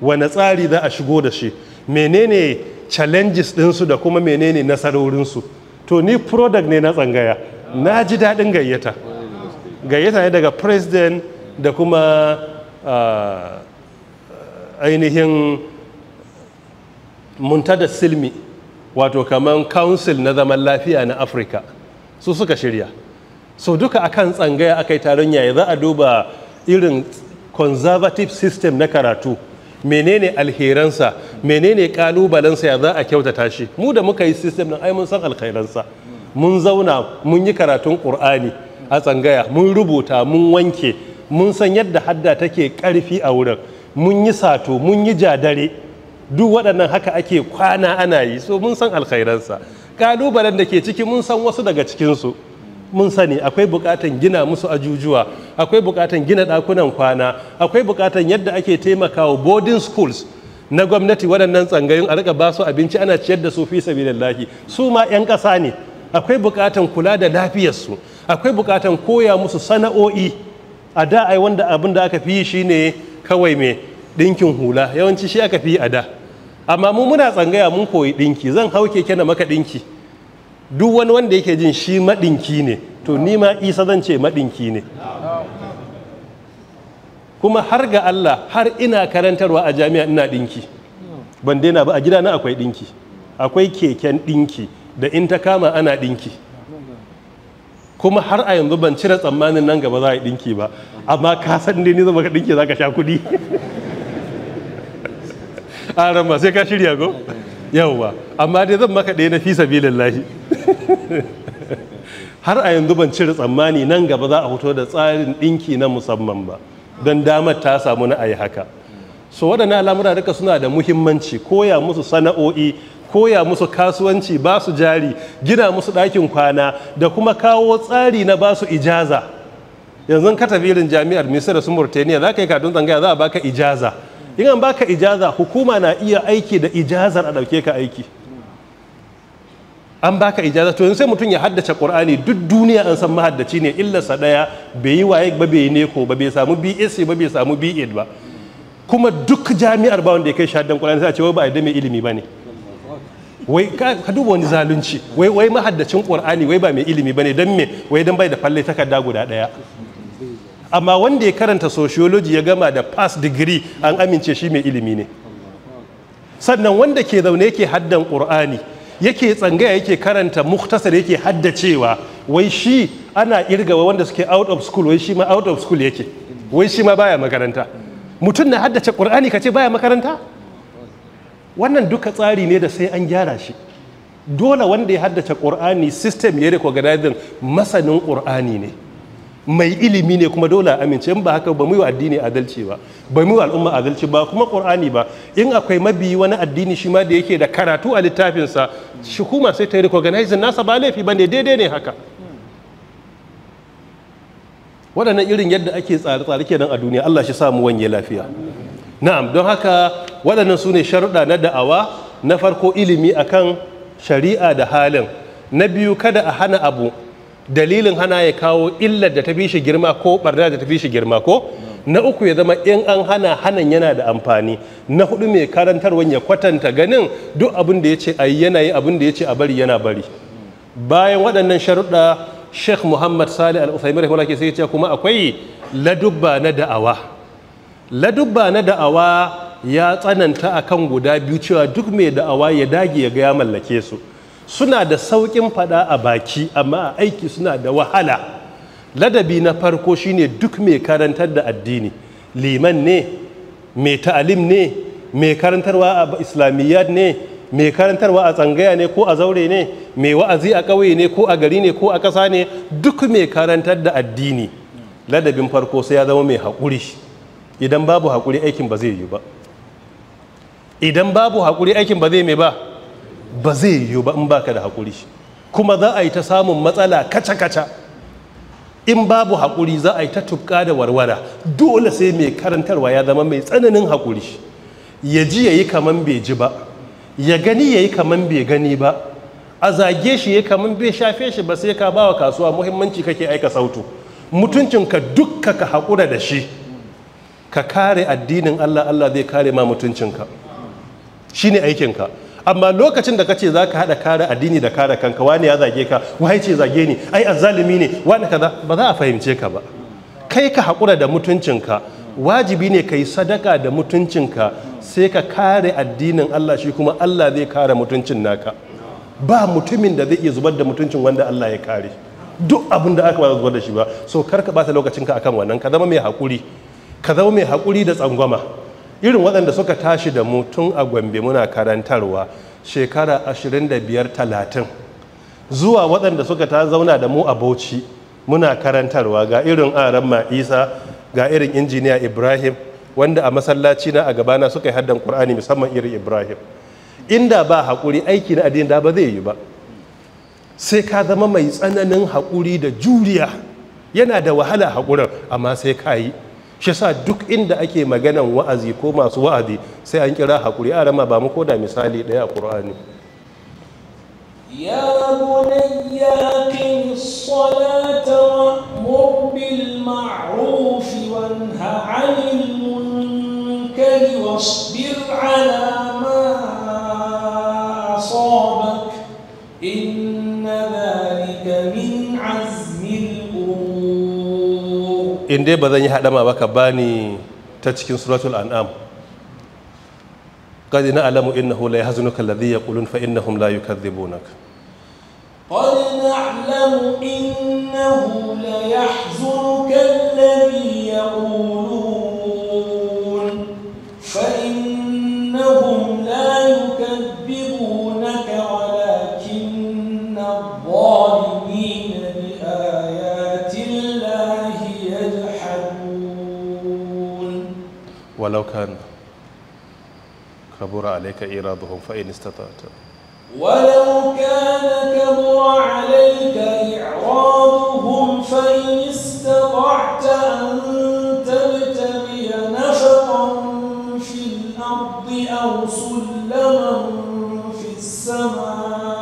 wane tsari za a shigo da shi menene challenges ɗinsu da kuma menene nasarorinsu to ni product ne na tsangaya na ji daɗin gayyata gayyata ne daga president da kuma ah, ainihin ainihin da silmi wato kamar council na zaman lafiya na afirka su suka shirya so duka akan tsangaya aka yi taron yaya za a duba irin conservative system na karatu menene alheransa menene kalubalensa ya za a kyautata shi mu da muka yi system nan ai mun san alkhairansa mun zauna mun yi karatun ƙur'ani a tsangaya mun rubuta mun wanke mun san yadda hadda take karfi a wurin mun yi sato mun yi jadare duk waɗannan haka ake kwana ana yi so mun san alkhairansa ƙalubalen da ke ciki mun san wasu daga cikinsu mun sani akwai buƙatan gina musu ajujuwa akwai buƙatan gina ɗakunan kwana akwai buƙatan yadda ake taimakawa boarding schools na gwamnati waɗannan tsangayin a riƙa basu abinci ana ciyar da su fi sabilillahi su ma 'yan ƙasa ne akwai buƙatan kula da lafiyarsu akwai buƙatan koya musu sana'o'i a da ai wanda abin da aka fi yi shine kawai mai Dinkin hula yawanci shi aka fi a da amma mu muna tsangaya mun koyi dinki zan hau keke na maka dinki duk wani wanda yake jin shi maɗinki ne to ni ma isa zan ce maɗinki ne kuma har ga Allah har ina karantarwa a jami'a ina dinki, ban daina ba a gida na akwai dinki, akwai keken dinki da in ta kama ana dinki. kuma har a yanzu ban cire tsammanin nan gaba za a yi dinki ba amma ka san dai ni zama ka ɗinki za ka sha kuɗi aran ma sai ka shirya go yawwa amma dai zan maka ɗaya na fi sabilillahi har a yanzu ban cire tsammani nan gaba za a fito da tsarin ɗinki na musamman ba don damar ta samu na ayi haka so waɗannan al'amura duka suna da muhimmanci koya musu sana'o'i koya musu kasuwanci ba su jari gina musu ɗakin kwana da kuma kawo tsari na ba su ijaza yanzu ka tafi irin jami'ar misira su murtaniya za ka yi kadun tsangaya za a baka ijaza in an baka ijaza hukuma na iya aiki da ijazar a ɗauke ka aiki an baka ijaza to sai mutum ya haddace qur'ani duk duniya an san mahaddaci ne illarsa daya bai yi waye ba bai ne ko ba bai samu bs ba bai samu b8 ba kuma duk jami'ar ba wanda ya kai shahadan qur'ani sai a ce wai ba a mai ilimi ba ne wai ka duba wani zalunci wai wai mahaddacin qur'ani wai ba mai ilimi ba ne don me wai dan bai da falle takarda guda daya. amma wanda ya karanta sociology ya gama da past degree an amince shi mai ilimi ne sannan wanda ke zaune yake haddan qur'ani yake tsangaya yake karanta muktasar yake haddacewa wai shi ana irgawa wanda suke out of school wai shi ma out of school yake wai shi ma baya makaranta mutum na haddace ka kace baya makaranta wannan duka tsari ne da sai an gyara shi dole wanda ya haddace Kur'ani system ya recognizing masanin ƙur'ani ne mai ilimi ne kuma dole amince in ba haka ba mu yi addini adalci ba ba mu yi al'umma adalci ba kuma qur'ani ba in akwai mabiyi wani addini shi ma da yake da karatu a littafinsa shi kuma sai ta recognize nasa ba laifi ba ne daidai ne haka wadannan irin yadda ake tsare-tsare kenan a duniya Allah shi samu wanye lafiya na'am don haka wadannan sune sharuɗa na da'awa na farko ilimi akan shari'a da halin na biyu kada a hana abu dalilin hana ya kawo illar da ta fi shi girma ko barna da ta fi shi girma ko na uku ya zama in an hana hanan yana da amfani na hudu mai karantarwan ya kwatanta ganin duk abin da ya ce a yi yanayi abin da ya ce a bari yana bari bayan waɗannan sharuɗa sheikh muhammad salih al-usaimir rahimahullah ke sai ce kuma akwai ladubba na da'awa ladubba na da'awa ya tsananta akan guda biyu cewa duk mai da'awa ya dage ya ga ya mallake su suna da sauƙin faɗa a baki amma a aiki suna da wahala ladabi na farko shine duk mai karantar da addini liman ne mai ta'alim ne mai karantarwa a islamiyyat ne mai karantarwa a tsangaya ne ko a zaure ne mai wa'azi a ƙauye ne ko a gari ne ko a ƙasa ne duk mai karantar da addini ladabin farko sai ya zama mai haƙuri idan babu haƙuri aikin ba zai yi ba idan babu haƙuri aikin ba zai mai ba ba zai yiwu ba in baka da haƙuri kuma za a yi ta samun matsala kaca-kaca in babu haƙuri za a yi ta tufka da warwara dole sai mai karantarwa ya zama mai tsananin haƙuri ya ji ya yi kamar bai ji ba ya gani ya yi kamar bai gani ba a zage shi ya kamar bai shafe shi ba sai ka ba wa kasuwa muhimmanci kake aika sautu mutuncinka dukka ka haƙura da shi ka kare addinin allah allah zai kare ma mutuncinka shine aikinka amma lokacin da ka kace zaka haɗa kare addini da kare kanka wani ya zage ka wai ce zage ni ai azzalimi ne wani kaza ba za a fahimce ka ba kai ka hakura da mutuncinka wajibi ne ka yi sadaka da mutuncinka sai ka kare addinin Allah shi kuma Allah zai kare mutuncin naka ba mutumin da zai iya zubar da mutuncin wanda Allah ya kare duk abin da aka ba zubar da shi ba so kar ka bata lokacinka akan wannan ka zama mai hakuri ka zama mai hakuri da tsangwama irin waɗanda suka tashi da mu tun a gombe muna karantarwa shekara 25-30 zuwa waɗanda suka ta zauna da mu a bauchi muna karantarwa ga irin aran ma'isa ga irin injiniya ibrahim wanda a masallaci na a gabana suka yi haddan Kur'ani musamman irin ibrahim inda ba haƙuri aiki na addini ba zai yi ba sai ka zama mai tsananin haƙuri da juriya yana da wahala haƙurin amma sai ka yi shi sa duk inda ake maganan wa'azi ko masu wa'azi sai an kira haƙuri a rama ba mu koda misali ɗaya a ƙur'ani ya bunayya aqim as-salata wa'mur bil ma'ruf wanha 'anil munkari wasbir 'ala ma asabaka in dai ba zan yi haɗama ba ka bani ta cikin suratul an'am Kadi na alamu inna hula ya hazinu kalladhi ya kulun fa inna hum layu kazi bonak قد نعلم إنه ليحزنك الذي يقول ولو كان كبر عليك إيرادهم فإن استطعت ولو كان كبر عليك إعراضهم فإن استطعت أن تبتغي نفقا في الأرض أو سلما في السماء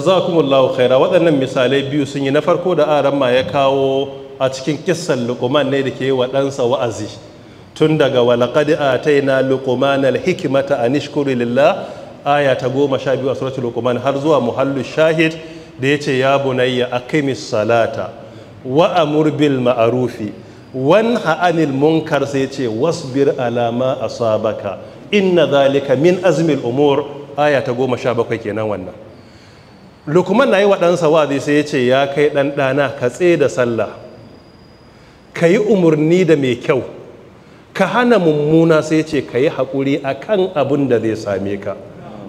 jazakumullahu khaira waɗannan misalai biyu sun yi na farko da aran ma ya kawo a cikin kissan luqman ne da ke wa ɗansa wa'azi tun daga walaqad ataina luqmanal hikmata an ishkuri lillah aya ta goma sha biyu a suratul luqman har zuwa muhallu shahid da yace ya bunayya aqimis salata wa amur bil ma'rufi wanha munkar sai ce wasbir alama asabaka inna zalika min azmil umur aya ta goma sha bakwai kenan wannan lukman na yi wa ɗansa wazi sai ya ce ya kai ɗan ɗana ka tse da sallah ka yi umarni da mai kyau ka hana mummuna sai ce ka yi haƙuri a kan abin da zai same ka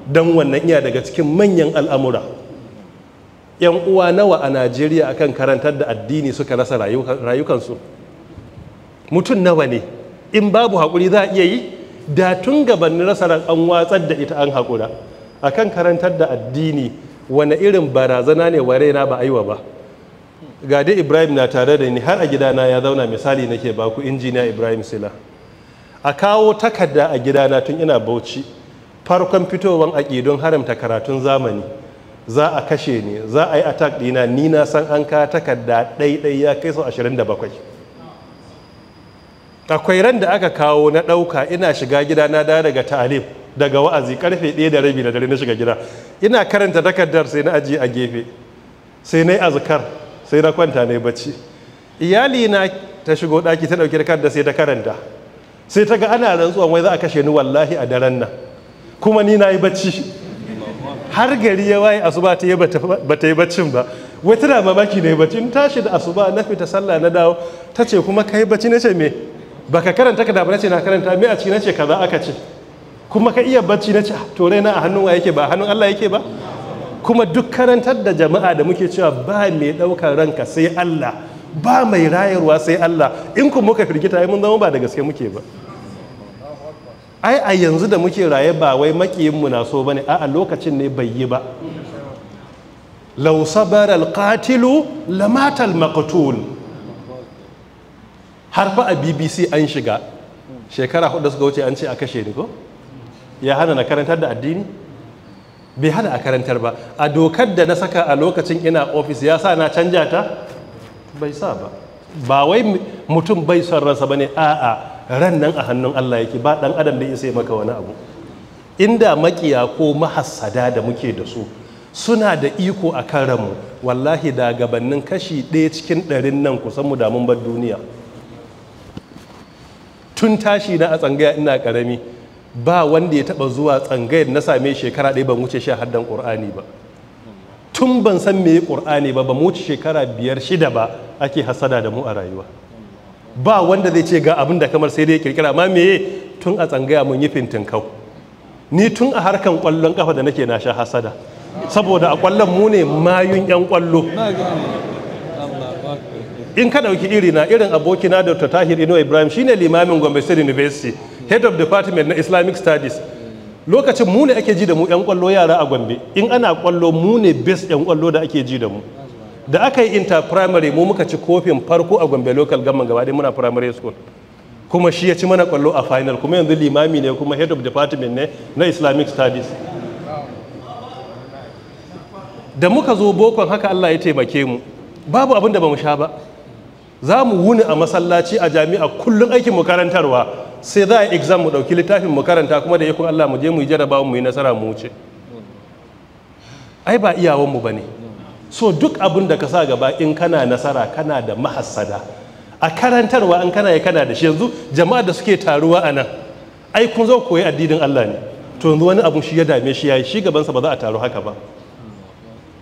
don wannan iya daga cikin manyan al'amura yan uwa nawa a najeriya akan karantar da addini suka rasa rayukansu mutum nawa ne in babu haƙuri za a iya yi da tun gabanin rasa an watsar da ita an haƙura akan karantar da addini wani irin barazana ne wa raina ba aiwa ba ga dai ibrahim na tare da ni har a gidana ya zauna misali nake baku injiniya ibrahim sila a kawo takarda a gidana tun ina bauchi farkon fitowar aƙidun haramta karatun zamani za a kashe ni za a yi attack dina ni na san an ka takarda ɗaiɗai ya kai sau 27 akwai ran da aka kawo na ɗauka ina shiga gidana da daga talib daga wa'azi karfe ɗaya da rabi da dare na shiga gida ina karanta takardar sai na ajiye a gefe sai na yi azkar sai na kwanta na yi bacci iyali na ta shigo ɗaki ta ɗauki takarda sai ta karanta sai ta ga ana rantsuwan wai za a kashe ni wallahi a daren nan kuma ni na yi bacci har gari ya waye asuba ta yi ba ta yi baccin ba wai tana mamaki ne bacci in tashi da asuba na fita sallah na dawo ta ce kuma kai bacci na ce me baka karanta ka da ba na ce na karanta me a ciki na ce kaza aka ce kuma ka iya bacci na ce ah, to na a hannun wa yake ba hannun Allah yake ba kuma duk karantar da jama'a da muke cewa ba mai ɗaukar ranka sai Allah ba mai rayarwa sai Allah in kuma muka firgita mun zama ba da gaske muke ba ai a yanzu da muke raye ba wai makiyin mu na so bane a lokacin ne bai yi ba law sabara alqatilu lamata almaqtul har fa a BBC an shiga shekara hudu suka wuce an ce a kashe ni ko ya hana na karantar da addini bai hana a karantar ba a dokar da na saka a lokacin ina ofis ya sa na canja ta bai sa ba ba wai mutum bai son ransa ba ne a'a ran nan a hannun Allah yake ba dan adam da isa maka wani abu inda makiya ko mahassada da muke da su suna da iko a kan ranmu wallahi da gabannin kashi ɗaya cikin ɗarin nan kusan mu damun bar duniya tun tashi na a tsangaya ina ƙarami ba wanda ya taba zuwa tsangayar na same shekara ɗaya ban wuce sha haddan ƙur'ani ba tun ban san me ƙur'ani ba ba wuce shekara biyar shida ba ake hasada da mu a rayuwa ba wanda zai ce ga abin da kamar sai dai kirkira amma me tun a tsangaya mun yi fintin kau ni tun a harkan ƙwallon kafa da nake na sha hasada saboda a ƙwallon mu ne mayun 'yan ƙwallo in ka ɗauki irina irin abokina da tahir ino ibrahim shine limamin gombe state university head of department na islamic studies lokacin mu ne ake ji da mu 'yan kwallo yara a gombe in ana kwallo mu ne best 'yan kwallo da ake ji da mu da aka yi inter primary mu muka ci kofin farko a gombe local gamman gaba dai muna primary school kuma shi ya ci mana kwallo a final kuma yanzu limami ne kuma head of department ne na islamic studies da muka zo bokon haka allah ya taimake mu babu abin da ba mu sha ba za mu wuni a masallaci a jami'a kullum aikin mu karantarwa sai za a yi exam mu ɗauki littafin mu karanta kuma da yakun Allah mu je mu yi jarabawa mu yi nasara mu wuce ai ba iyawanmu ba ne so duk abin da ka sa gaba in kana nasara kana da mahassada a karantarwa an kana ya kana da shi yanzu jama'a da suke taruwa a nan ai kun zo koyi addinin Allah ne to yanzu wani abun shi ya dame shi yayi shi sa ba za a taru haka ba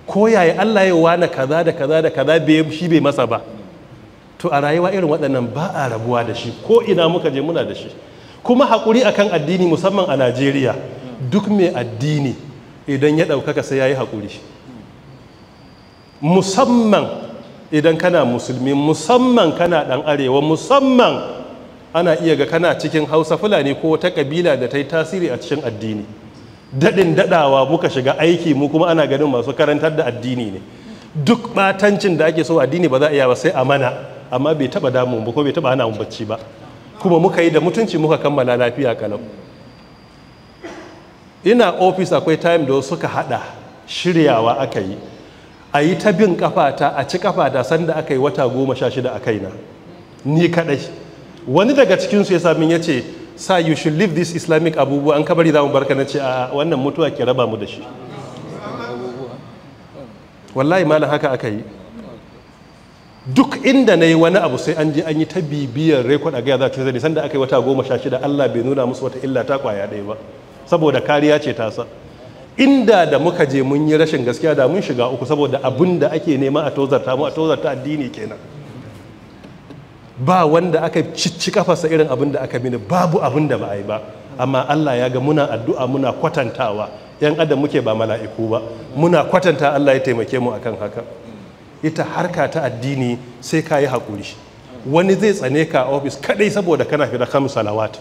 ko yaya Allah ya wani kaza da kaza da kaza bai shi bai masa ba to a rayuwa irin waɗannan ba a rabuwa da shi ko ina muka je muna da shi kuma haƙuri kan addini musamman a najeriya duk mai addini idan ya ɗaukaka sai ya yi haƙuri musamman idan kana musulmi musamman kana ɗan arewa musamman ana iya ga kana cikin hausa fulani ko wata ƙabila da ta yi tasiri a cikin addini daɗin daɗawa muka shiga aiki mu kuma ana ganin masu karantar da addini ne duk ɓatancin da ake so addini ba za a iya ba sai a mana amma bai taba damun ba ko bai taba hana mu bacci ba kuma muka yi da mutunci muka kammala lafiya kalau ina ofis akwai time da suka hada shiryawa aka yi a yi ta bin kafata a ci kafata sanda aka yi wata goma sha shida a kaina ni kadai wani daga cikinsu ya sami ya ce sa you should leave this islamic abubuwa an kabari za mu barka na ce a wannan mutuwa ke raba mu da shi wallahi malam haka aka yi duk inda na yi wani abu sai an je an yi ta bibiyar rekod a gaya za ta zai sanda aka yi wata goma sha shida allah bai nuna musu wata illa ta kwaya ɗaya ba saboda kariya ce ta sa inda da muka je mun yi rashin gaskiya da mun shiga uku saboda abin da ake nema a tozarta mu a tozarta addini kenan ba wanda aka cicci kafarsa irin abin da aka mini babu abin da ba a yi ba amma allah ya ga muna addu'a muna kwatantawa yan adam muke ba mala'iku ba muna kwatanta allah ya taimake mu akan haka ita harka ta addini sai ka yi haƙuri wani zai tsane ka a ofis kadai saboda kana fita kam salawat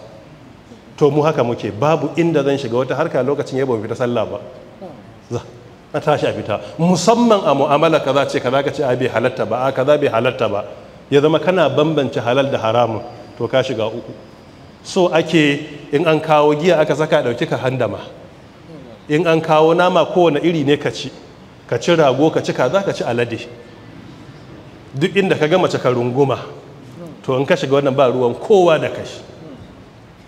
to mu haka muke babu inda zan shiga wata harka lokacin yabo fita sallah ba a tashi a fita musamman a mu'amala kaza ce kaza ka ce a bai halatta ba a kaza bai halatta ba ya zama kana bambance halal da haramun to ka shiga uku so ake in an kawo giya aka saka dauki ka handama in an kawo nama kowane iri ne ka ci ka ci rago ka ci kaza ka ci alade duk inda ka ga mace ka runguma to in ka shiga wannan ba ruwan kowa da kashi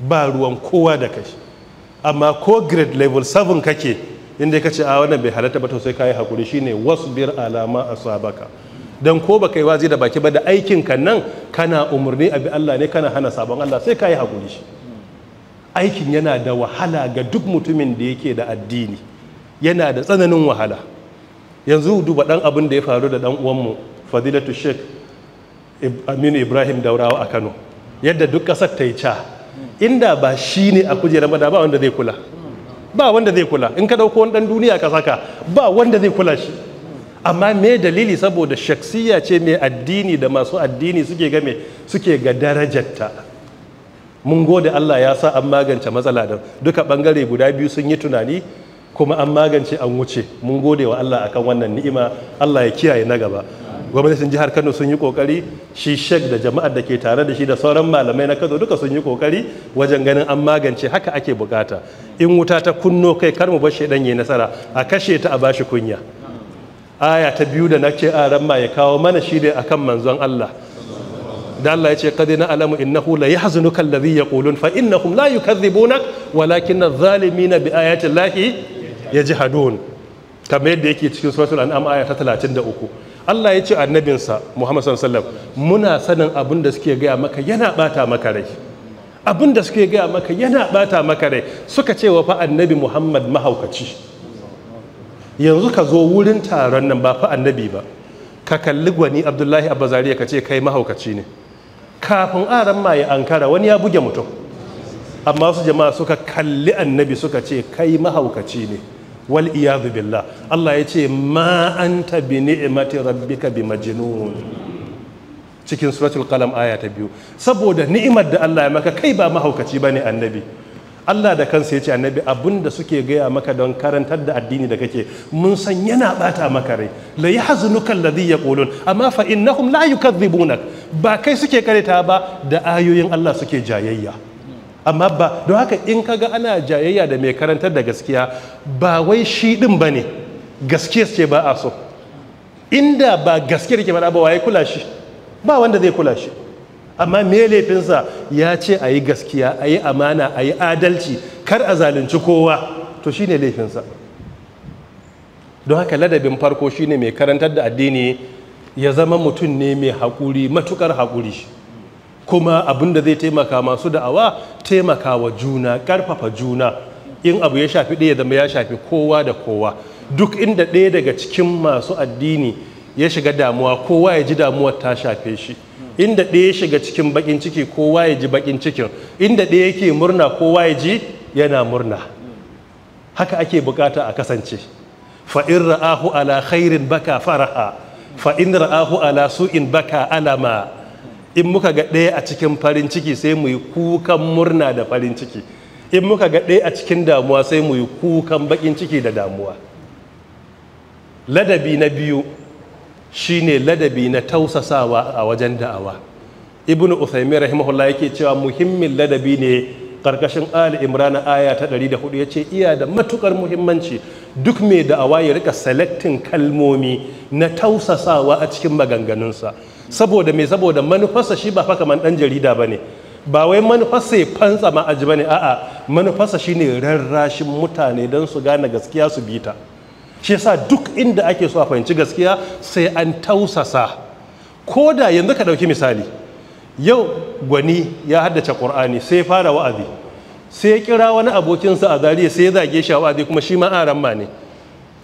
ba ruwan kowa da kashi amma ko grade level 7 kake inda ka ce a wannan bai halatta ba to sai kai hakuri shine wasbir alama asabaka dan ko ba kai wazi da baki ba da aikin ka nan kana umurni abi Allah ne kana hana sabon Allah sai kai hakuri shi aikin yana da wahala ga duk mutumin da yake da addini yana da tsananin wahala yanzu duba dan abin da ya faru da dan uwanmu fadilatu sheik aminu ibrahim daurawa a kano yadda duk ƙasar ta yi ca inda ba shi ne a kujerar mada ba wanda zai kula ba wanda zai kula in ka dauko wani ɗan duniya ka saka ba wanda zai kula shi amma me dalili saboda shaksiya ce mai addini da masu addini suke ga me suke ga darajarta mun gode Allah ya sa an magance matsala da duka bangare guda biyu sun yi tunani kuma an magance an wuce mun gode wa Allah akan wannan ni'ima Allah ya kiyaye na gaba gwamnatin jihar Kano sun yi kokari shi shek da jama'ar da ke tare da shi da sauran malamai na Kano duka sun yi kokari wajen ganin an magance haka ake bukata in wuta ta kunno kai kar mu bar shedan yayi nasara a kashe ta a bashi kunya aya ta biyu da nace a ran ma ya kawo mana shi dai akan manzon Allah da Allah ya ce qad alamu innahu la yahzunuka alladhi yaqulun fa innahum la yukadhibunaka na adh-dhalimina bi ayati llahi Ya ji wani. kamar yadda yake cikin suratul an'am aya ta 33 Allah ya ce annabinsa Muhammad sallallahu alaihi wasallam muna sanin abin da suke gaya maka yana bata maka rai abin da suke gaya maka yana bata maka rai suka ce wa fa annabi Muhammad mahaukaci yanzu ka zo wurin taron nan ba fa annabi ba ka kalli gwani Abdullahi Abbazariya ka ce kai mahaukaci ne kafin aran ma ya ankara wani ya buge mutum amma su jama'a suka kalli annabi suka ce kai mahaukaci ne wal iyadu billah Allah ya ce ma an tabi ni'imati rabbika bi majnun cikin suratul qalam aya ta biyu saboda ni'imar da Allah ya maka kai ba mahaukaci bane annabi Allah da kansa ya ce annabi abinda suke gaya maka don karantar da addini da kake mun san yana bata maka rai la yahzunuka alladhi yaqulun amma fa innahum la yukadzibunak ba kai suke kareta ba da ayoyin Allah suke jayayya amma ba don haka in kaga ana jayayya da mai karantar da gaskiya ba wai shi din ba ne gaskiya ce ba a so inda ba gaskiyar ke ba waye kula shi ba wanda zai kula shi amma me laifinsa ya ce a yi gaskiya a yi amana a yi adalci kar a zalunci kowa to shine laifinsa don haka ladabin farko shi ne mai karantar da addini ya zama mutum ne mai haƙuri matuƙar haƙuri shi kuma abin da zai taimaka masu da'awa taimaka wa juna karfafa juna in abu ya shafi ɗaya zama ya shafi kowa da kowa duk inda ɗaya daga cikin masu addini ya shiga damuwa kowa ya ji damuwar ta shafe shi inda ɗaya ya shiga cikin bakin ciki kowa ya ji bakin cikin inda ɗaya yake murna kowa ya ji yana murna haka ake bukata a kasance fa'in ra'ahu ala khairin baka faraha fa'in ra'ahu ala su'in baka alama in muka ga ɗaya a cikin farin ciki sai mu yi kukan murna da farin ciki in muka ga ɗaya a cikin damuwa sai mu yi kukan baƙin ciki da damuwa ladabi na biyu shine ladabi na tausasawa a wajen da'awa ibnu usaimi rahimahullah yake cewa muhimmin ladabi ne ƙarƙashin ali imran aya ta 104 ce iya da matukar muhimmanci duk mai da'awa ya rika selecting kalmomi na tausasawa a cikin maganganunsa saboda mai saboda manufarsa shi ba fa kamar dan jarida bane ba wai manufarsa ya fantsa ma'aji bane a'a manufarsa shine rarrashin mutane don su gane gaskiya su bi ta shi yasa duk inda ake so a fahimci gaskiya sai an tausasa ko da yanzu ka dauki misali yau gwani ya haddace qur'ani sai fara wa'azi sai ya kira wani abokinsa a zariya sai ya zage shi a wa'azi kuma shi ma aran ma ne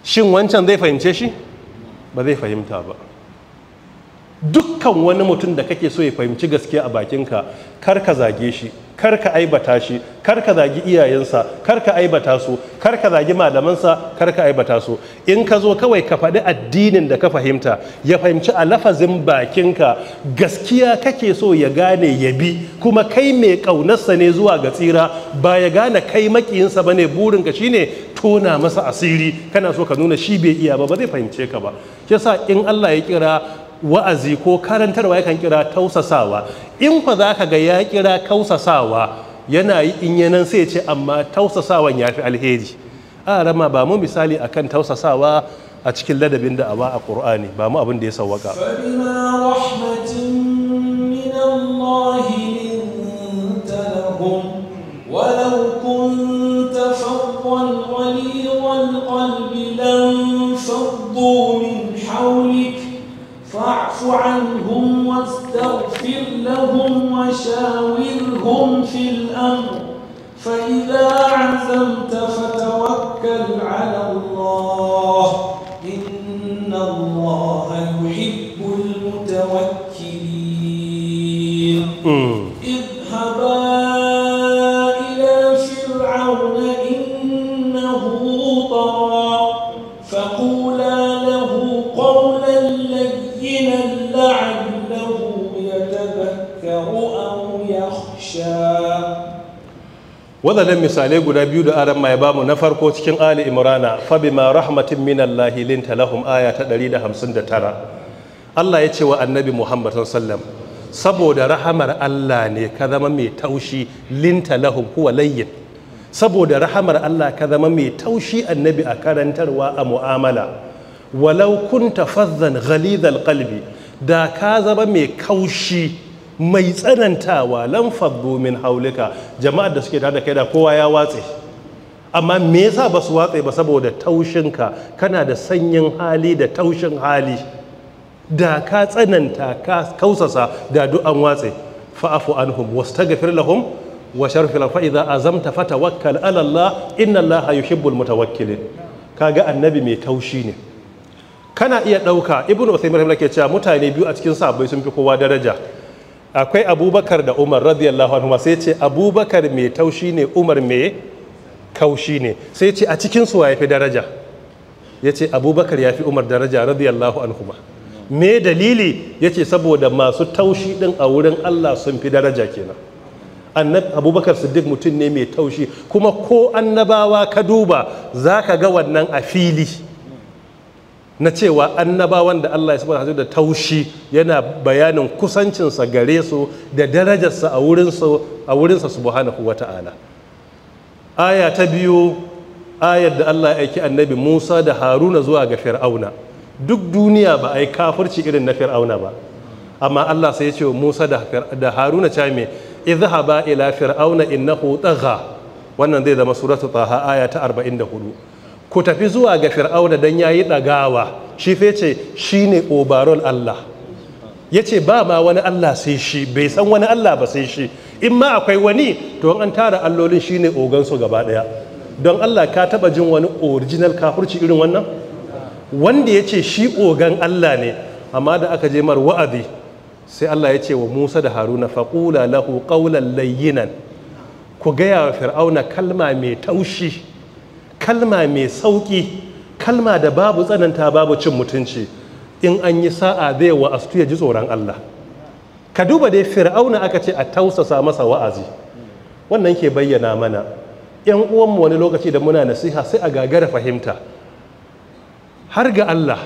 shin wancan zai fahimce shi ba zai fahimta ba dukkan wani mutum da kake so ya fahimci gaskiya a bakinka kar ka zage shi kar ka aibata shi kar ka zagi iyayensa kar ka aibata su kar ka zagi malamansa kar ka aibata su in ka zo kawai ka faɗi addinin da ka fahimta ya fahimci a lafazin bakinka gaskiya kake so ya gane ya bi kuma kai mai ƙaunarsa ne zuwa ga tsira ba ya gane kai makiyinsa ba ne burinka shi ne tona masa asiri kana so ka nuna shi bai iya ba ba zai fahimce ka ba shi in Allah ya kira wa'azi ko karantarwa yakan kira tausasawa in fa za ka ga ya kira kausasawa yana yi in yanan sai ce amma tausasawan ya fi alheri a rama ba mu misali akan tausasawa a cikin ladabin da awa a ƙur'ani ba mu abin da ya sauwaka ولو من حولك فاعف عنهم واستغفر لهم وشاورهم في الأمر فإذا عزمت فتوكل على الله waɗannan misalai guda biyu da aran mai bamu na farko cikin ali imrana fa bima rahmatin minallahi linta lahum aya ta 159 Allah ya ce wa annabi Muhammad sallam saboda rahamar Allah ne ka zama mai taushi linta lahum huwa layyin saboda rahamar Allah ka zama mai taushi annabi a karantarwa a mu'amala walau kunta fazzan ghalidhal qalbi da ka zama mai kaushi mai tsanantawa lan faddu haulika jama'ar da suke tada kai da kowa ya watse amma me yasa ba su watse ba saboda taushinka kana da sanyin hali da taushin hali da ka tsananta ka kausasa da du'an watse fa'afu anhum wastaghfir lahum wa sharfil fa idza azamta fatawakkal ala Allah inna Allah yuhibbul mutawakkilin kaga annabi mai taushi ne kana iya dauka ibnu usaymin rahimahullah ke cewa mutane biyu a cikin sabai sun fi kowa daraja akwai abubakar da umar radiyallahu anhu sai ce abubakar mai taushi ne umar mai kaushi ne sai ce a cikin su ya fi daraja ya ce abubakar ya fi umar daraja radiyallahu anhu me dalili ya ce saboda masu taushi din a wurin allah sun fi daraja kenan annab abubakar siddiq mutum ne mai taushi kuma ko annabawa ka duba za ka ga wannan a fili na cewa annabawan da Allah ya saba da taushi yana bayanin kusancinsa gare su da darajarsa a wurinsa su wurinsa subhanahu ta'ala. aya ta biyu ayar da Allah ya aiki annabi Musa da Haruna zuwa ga Fir'auna duk duniya ba a yi kafirci irin na Fir'auna ba amma Allah sai ya ce Musa da Haruna cha me idhhaba ila fir'auna innahu tagha wannan zai zama suratu taha aya ta 44 ku tafi zuwa ga fir'auna don ya yi ɗagawa shi fe ce shi ne obaron Allah ya ce ba ma wani Allah sai shi bai san wani Allah ba sai shi in ma akwai wani to an tara allolin shi ne ogansu gaba ɗaya don Allah ka taɓa jin wani original kafurci irin wannan wanda ya ce shi ogan Allah ne amma da aka je mar wa'azi sai Allah ya ce wa Musa da Haruna faƙula lahu ƙaunar layyinan ku gaya wa fir'auna kalma mai taushi kalma mai sauƙi kalma da babu tsananta babu cin mutunci in an yi sa'a zai wa astu ya ji tsoron Allah ka duba dai fir'auna aka ce a tausasa masa wa'azi wannan ke bayyana mana yan uwanmu wani lokaci da muna nasiha sai a gagara fahimta har ga Allah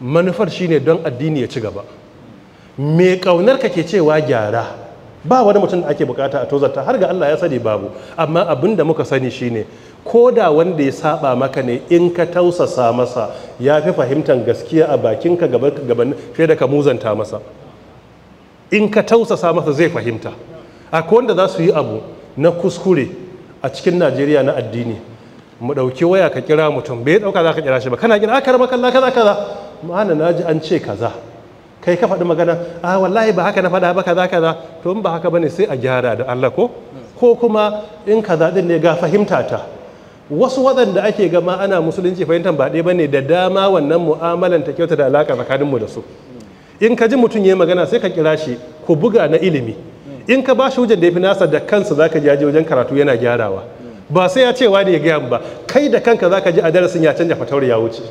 manufar shine don addini ya ci gaba me kaunar ka ke cewa gyara ba wani mutum da ake bukata a tozarta har ga Allah ya sani babu amma abin da muka sani shine ko da wanda ya saba maka ne in ka tausasa masa ya fi fahimtar gaskiya a bakinka gaban fiye da ka muzanta masa in ka tausasa masa zai fahimta a wanda za su yi abu na kuskure a cikin najeriya na addini mu ɗauki waya ka kira mutum bai ɗauka za ka kira shi ba kana kira aka ah, rama kalla kaza kaza ma'ana na ji an ce kaza kai ka faɗi magana a ah, wallahi ba haka na faɗa ba kaza kaza to in ba haka bane sai a gyara da Allah ko ko kuma in kaza din ne ga fahimta ta wasu waɗanda ake gama ana musulunci fahimtar ba ɗaya bane da dama wannan mu'amalan ta kyauta da alaƙa tsakaninmu da su in ka ji mutum ya magana sai ka kira shi ku buga na ilimi in ka ba shi wujen da ya fi nasa da kansa zaka ji yaje wajen karatu yana gyarawa ba sai ya ce ne ya gaya ba kai da kanka zaka ji a darasin ya canja fatawar ya wuce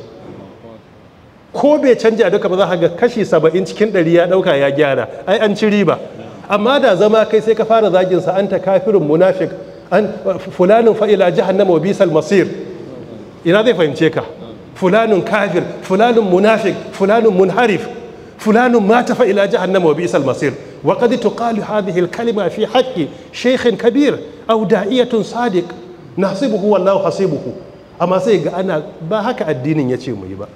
ko bai canja duka ba za ka ga kashi saba'in cikin ɗari ya ɗauka ya gyara ai an ci riba amma da zama kai sai ka fara zagin sa ta kafirin munafik an fulanin fa ila jahannam masir ina zai fahimce ka fulanin kafir fulanin munafik fulanin munharif fulanin mata fa'ila ila jahannam wa bisal masir wa qad tuqalu hadhihi al kalima fi haqqi shaykh kabir aw tun sadiq nasibuhu wallahu hasibuhu amma sai ga ana ba haka addinin yace mu yi ba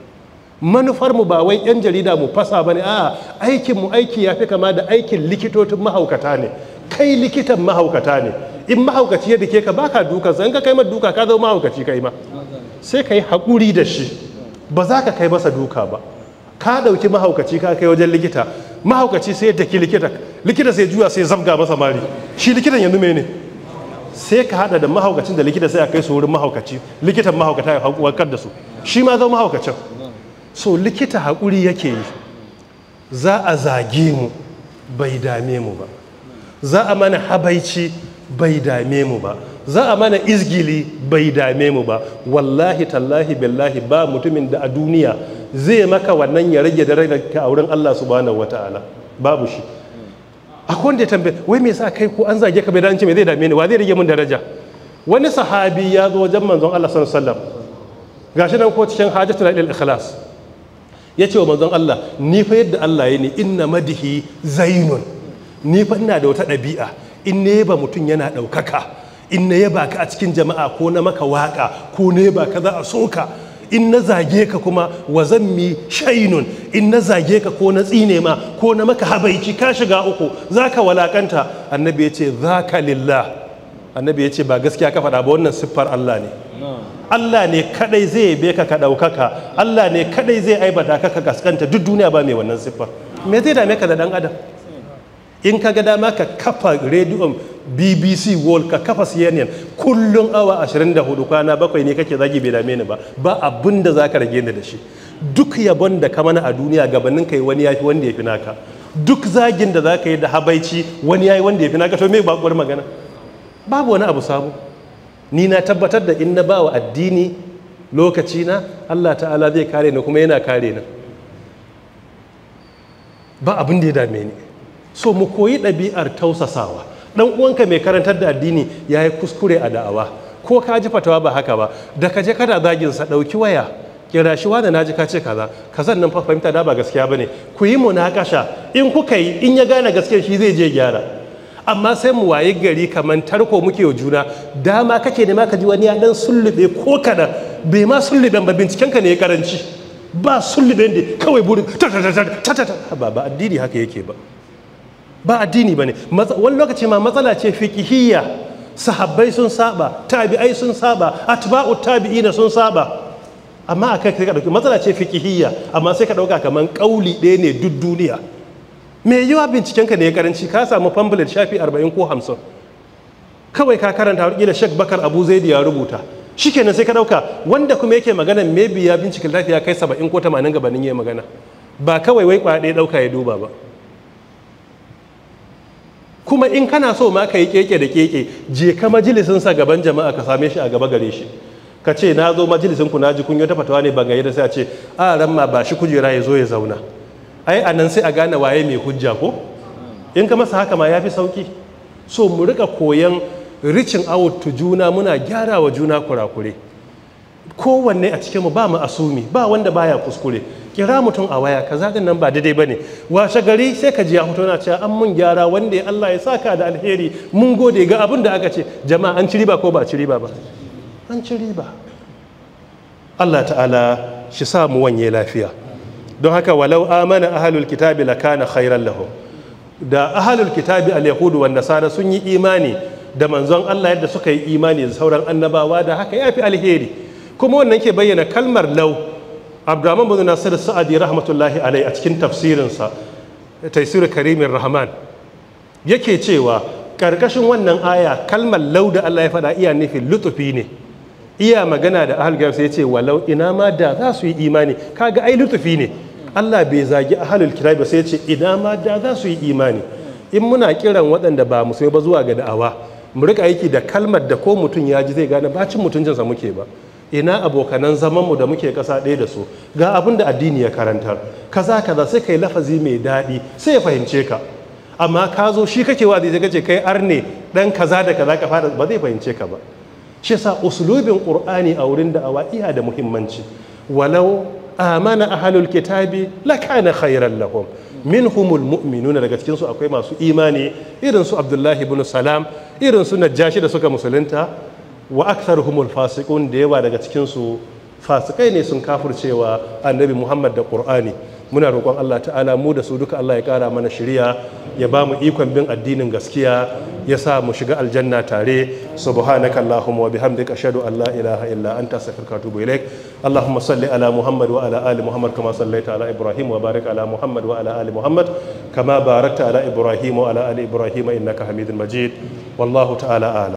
manufar ba wai yan jarida mu fasa bane a aikin mu aiki fi kama da aikin likitotin mahaukata ne kai likitan mahaukata ne in mahaukaci yadda ke ka baka duka zan ka kai ma duka ka zama mahaukaci kai ma sai ka yi haƙuri da shi ba za ka kai masa duka ba ka ɗauki mahaukaci ka kai wajen likita mahaukaci sai ya ki likita likita sai juya sai zamga masa mari shi likitan yanzu mene sai ka hada da mahaukacin da likita sai a kai su wurin mahaukaci likitan mahaukata ya kan da su shi ma zama mahaukacin so likita hakuri yake yi za a zage mu bai dame mu ba za a mana habaici bai dame mu ba za a mana izgili bai dame mu ba wallahi tallahi billahi ba mutumin da a duniya zai maka wannan ya rage darajar ka a wurin Allah subhanahu wataala babu shi akwai wanda ya tambaye wai me yasa kai ko an zage ka bai dan ce me zai dame ni wa zai rage daraja wani sahabi ya zo wajen manzon Allah sallallahu alaihi wasallam gashi nan ko cikin hajjatul ilal ikhlas ya ce wa manzon Allah ni fa yadda Allah ya ni inna madihi zainun ni fa ina da wata ɗabi'a in ne ba mutum yana ɗaukaka in na yaba ka a cikin jama'a ko na maka waka ko ne ba ka za a soka in na zage ka kuma wa zan mi shainun in na zage ka ko na tsine ma ko na maka habaiki, ka shiga uku za ka walakanta annabi ya ce za ka lillah annabi ya ce ba gaskiya ka faɗa ba wannan siffar Allah ne Allah ne kadai zai be ka ka ɗaukaka Allah ne kaɗai zai aibata ka ka kaskanta duk duniya ba mai wannan siffar me zai dame ka da ɗan adam in ka ga dama ka kafa rediyon bbc world ka kafa cnn kullum awa 24 kwana bakwai ne kake zagi bai dame ni ba ba abin da za ka rage ni da shi duk yabon da ka mana a duniya gabanin kai wani ya fi wanda ya fi naka duk zagin da za ka yi da habaici wani ya yi wanda ya fi naka to me bakwar magana babu wani abu sabu. ni na tabbatar da in na ba wa addini lokaci na allah ta'ala zai kare ni kuma yana kare ni ba abin da ya dame ni so mu koyi ɗabi'ar tausasawa dan uwanka mai karantar da addini ya yi kuskure a da'awa ko ka ji fatawa ba haka ba da ka je kana zagin sa ɗauki waya kira shi na naji ka ce kaza kazan nan fahimta da ba gaskiya bane ku yi munakasha in kuka yi in ya gane gaskiya shi zai je gyara amma sai mu waye gari kamar tarko muke wa juna dama kake nema ka ji wani ya dan sullube ko kada bai ma sulluben ba binciken ka ne ya karanci ba sulluben da kawai burin ta ta ta ta ta ba ba addini haka yake ba ba addini ba ne, wani lokaci ma matsala ce fikihiyya sahabbai sun saba tabi'ai sun saba atba'u tabi'ina sun saba amma akai kai ka dauki matsala ce fikihiyya amma sai ka dauka kamar kauli ɗaya ne duk duniya me yiwa binciken ka ne ya karanci ka samu pamphlet shafi 40 ko 50 kawai ka karanta wani kila Bakar Abu Zaidi ya rubuta shikenan sai ka dauka wanda kuma yake magana maybe ya bincika lafiya kai 70 ko 80 gabanin yayi magana ba kawai wai kwa ɗaya dauka ya duba ba kuma in kana so ma ka yi keke da keke je ka majalisinsa gaban jama'a ka same shi a gaba gare shi ka ce na zo majalisin ku na ji kun yi ta fatawa ne ban gayyata sai a ce a ran ma ba shi kujera ya zo ya zauna ai a nan sai a gane waye mai hujja ko in ka masa haka ma ya fi sauki so mu rika koyan ricin out juna muna gyara wa juna kurakure kowanne a cikinmu ba mu asumi ba wanda baya kuskure kira mutum a waya kaza din nan ba daidai bane washe gari sai ka ji ya fito na cewa an mun gyara wanda Allah ya sa ka da alheri mun gode ga abin da aka ce jama'a an ci riba ko ba ci riba ba an ci riba Allah ta'ala shi sa mu wanye lafiya don haka walau amana ahlul kitabi lakana khairan lahum da ahlul kitabi al-yahudu wan nasara sun yi imani da manzon Allah yadda suka yi imani da sauran annabawa da haka yafi alheri kuma wannan ke bayyana kalmar lau abdurrahman bin nasir sa'adi rahmatullahi alai a cikin tafsirinsa taisir karimin rahman yake cewa ƙarƙashin wannan aya kalmar lauda Allah ya faɗa iya nufin lutufi ne iya magana da ahal kitab sai ya ce walau ina ma da za su yi imani kaga ai lutufi ne Allah bai zagi ahlul ba sai ya ce ina ma da za su yi imani in muna kiran waɗanda ba musulmai ba zuwa ga da'awa mu rika aiki da kalmar da ko mutum ya ji zai gane bacin mutuncinsa muke ba ina abokanan zamanmu da muke ƙasa ɗaya da su ga abin da addini ya karantar kaza kaza sai kai lafazi mai daɗi sai ya fahimce ka amma ka zo shi kake wa zai gace kai arne ɗan kaza da kaza ka fara ba zai fahimce ka ba shi sa uslubin qur'ani a wurin da awa iya da muhimmanci walau amana ahlul kitabi lakana khairan lahum minhumul mu'minuna daga cikin su akwai masu imani irin su abdullahi ibn salam irin su najashi da suka musulunta wa humul fasikun da yawa daga cikin su fasikai ne sun kafircewa annabi Muhammad da Qur'ani muna roƙon Allah ta'ala mu da su duka Allah ya ƙara mana shiriya ya ba mu ikon bin addinin gaskiya ya sa mu shiga aljanna tare subhanaka allahumma wa bihamdika ashhadu an la ilaha illa anta astaghfiruka wa atubu ilaik allahumma salli ala muhammad wa ala ali muhammad kama sallaita ala ibrahim wa barik ala muhammad wa ala ali muhammad kama barakta ala ibrahim wa ala ali ibrahim innaka hamidul majid wallahu ta'ala a'lam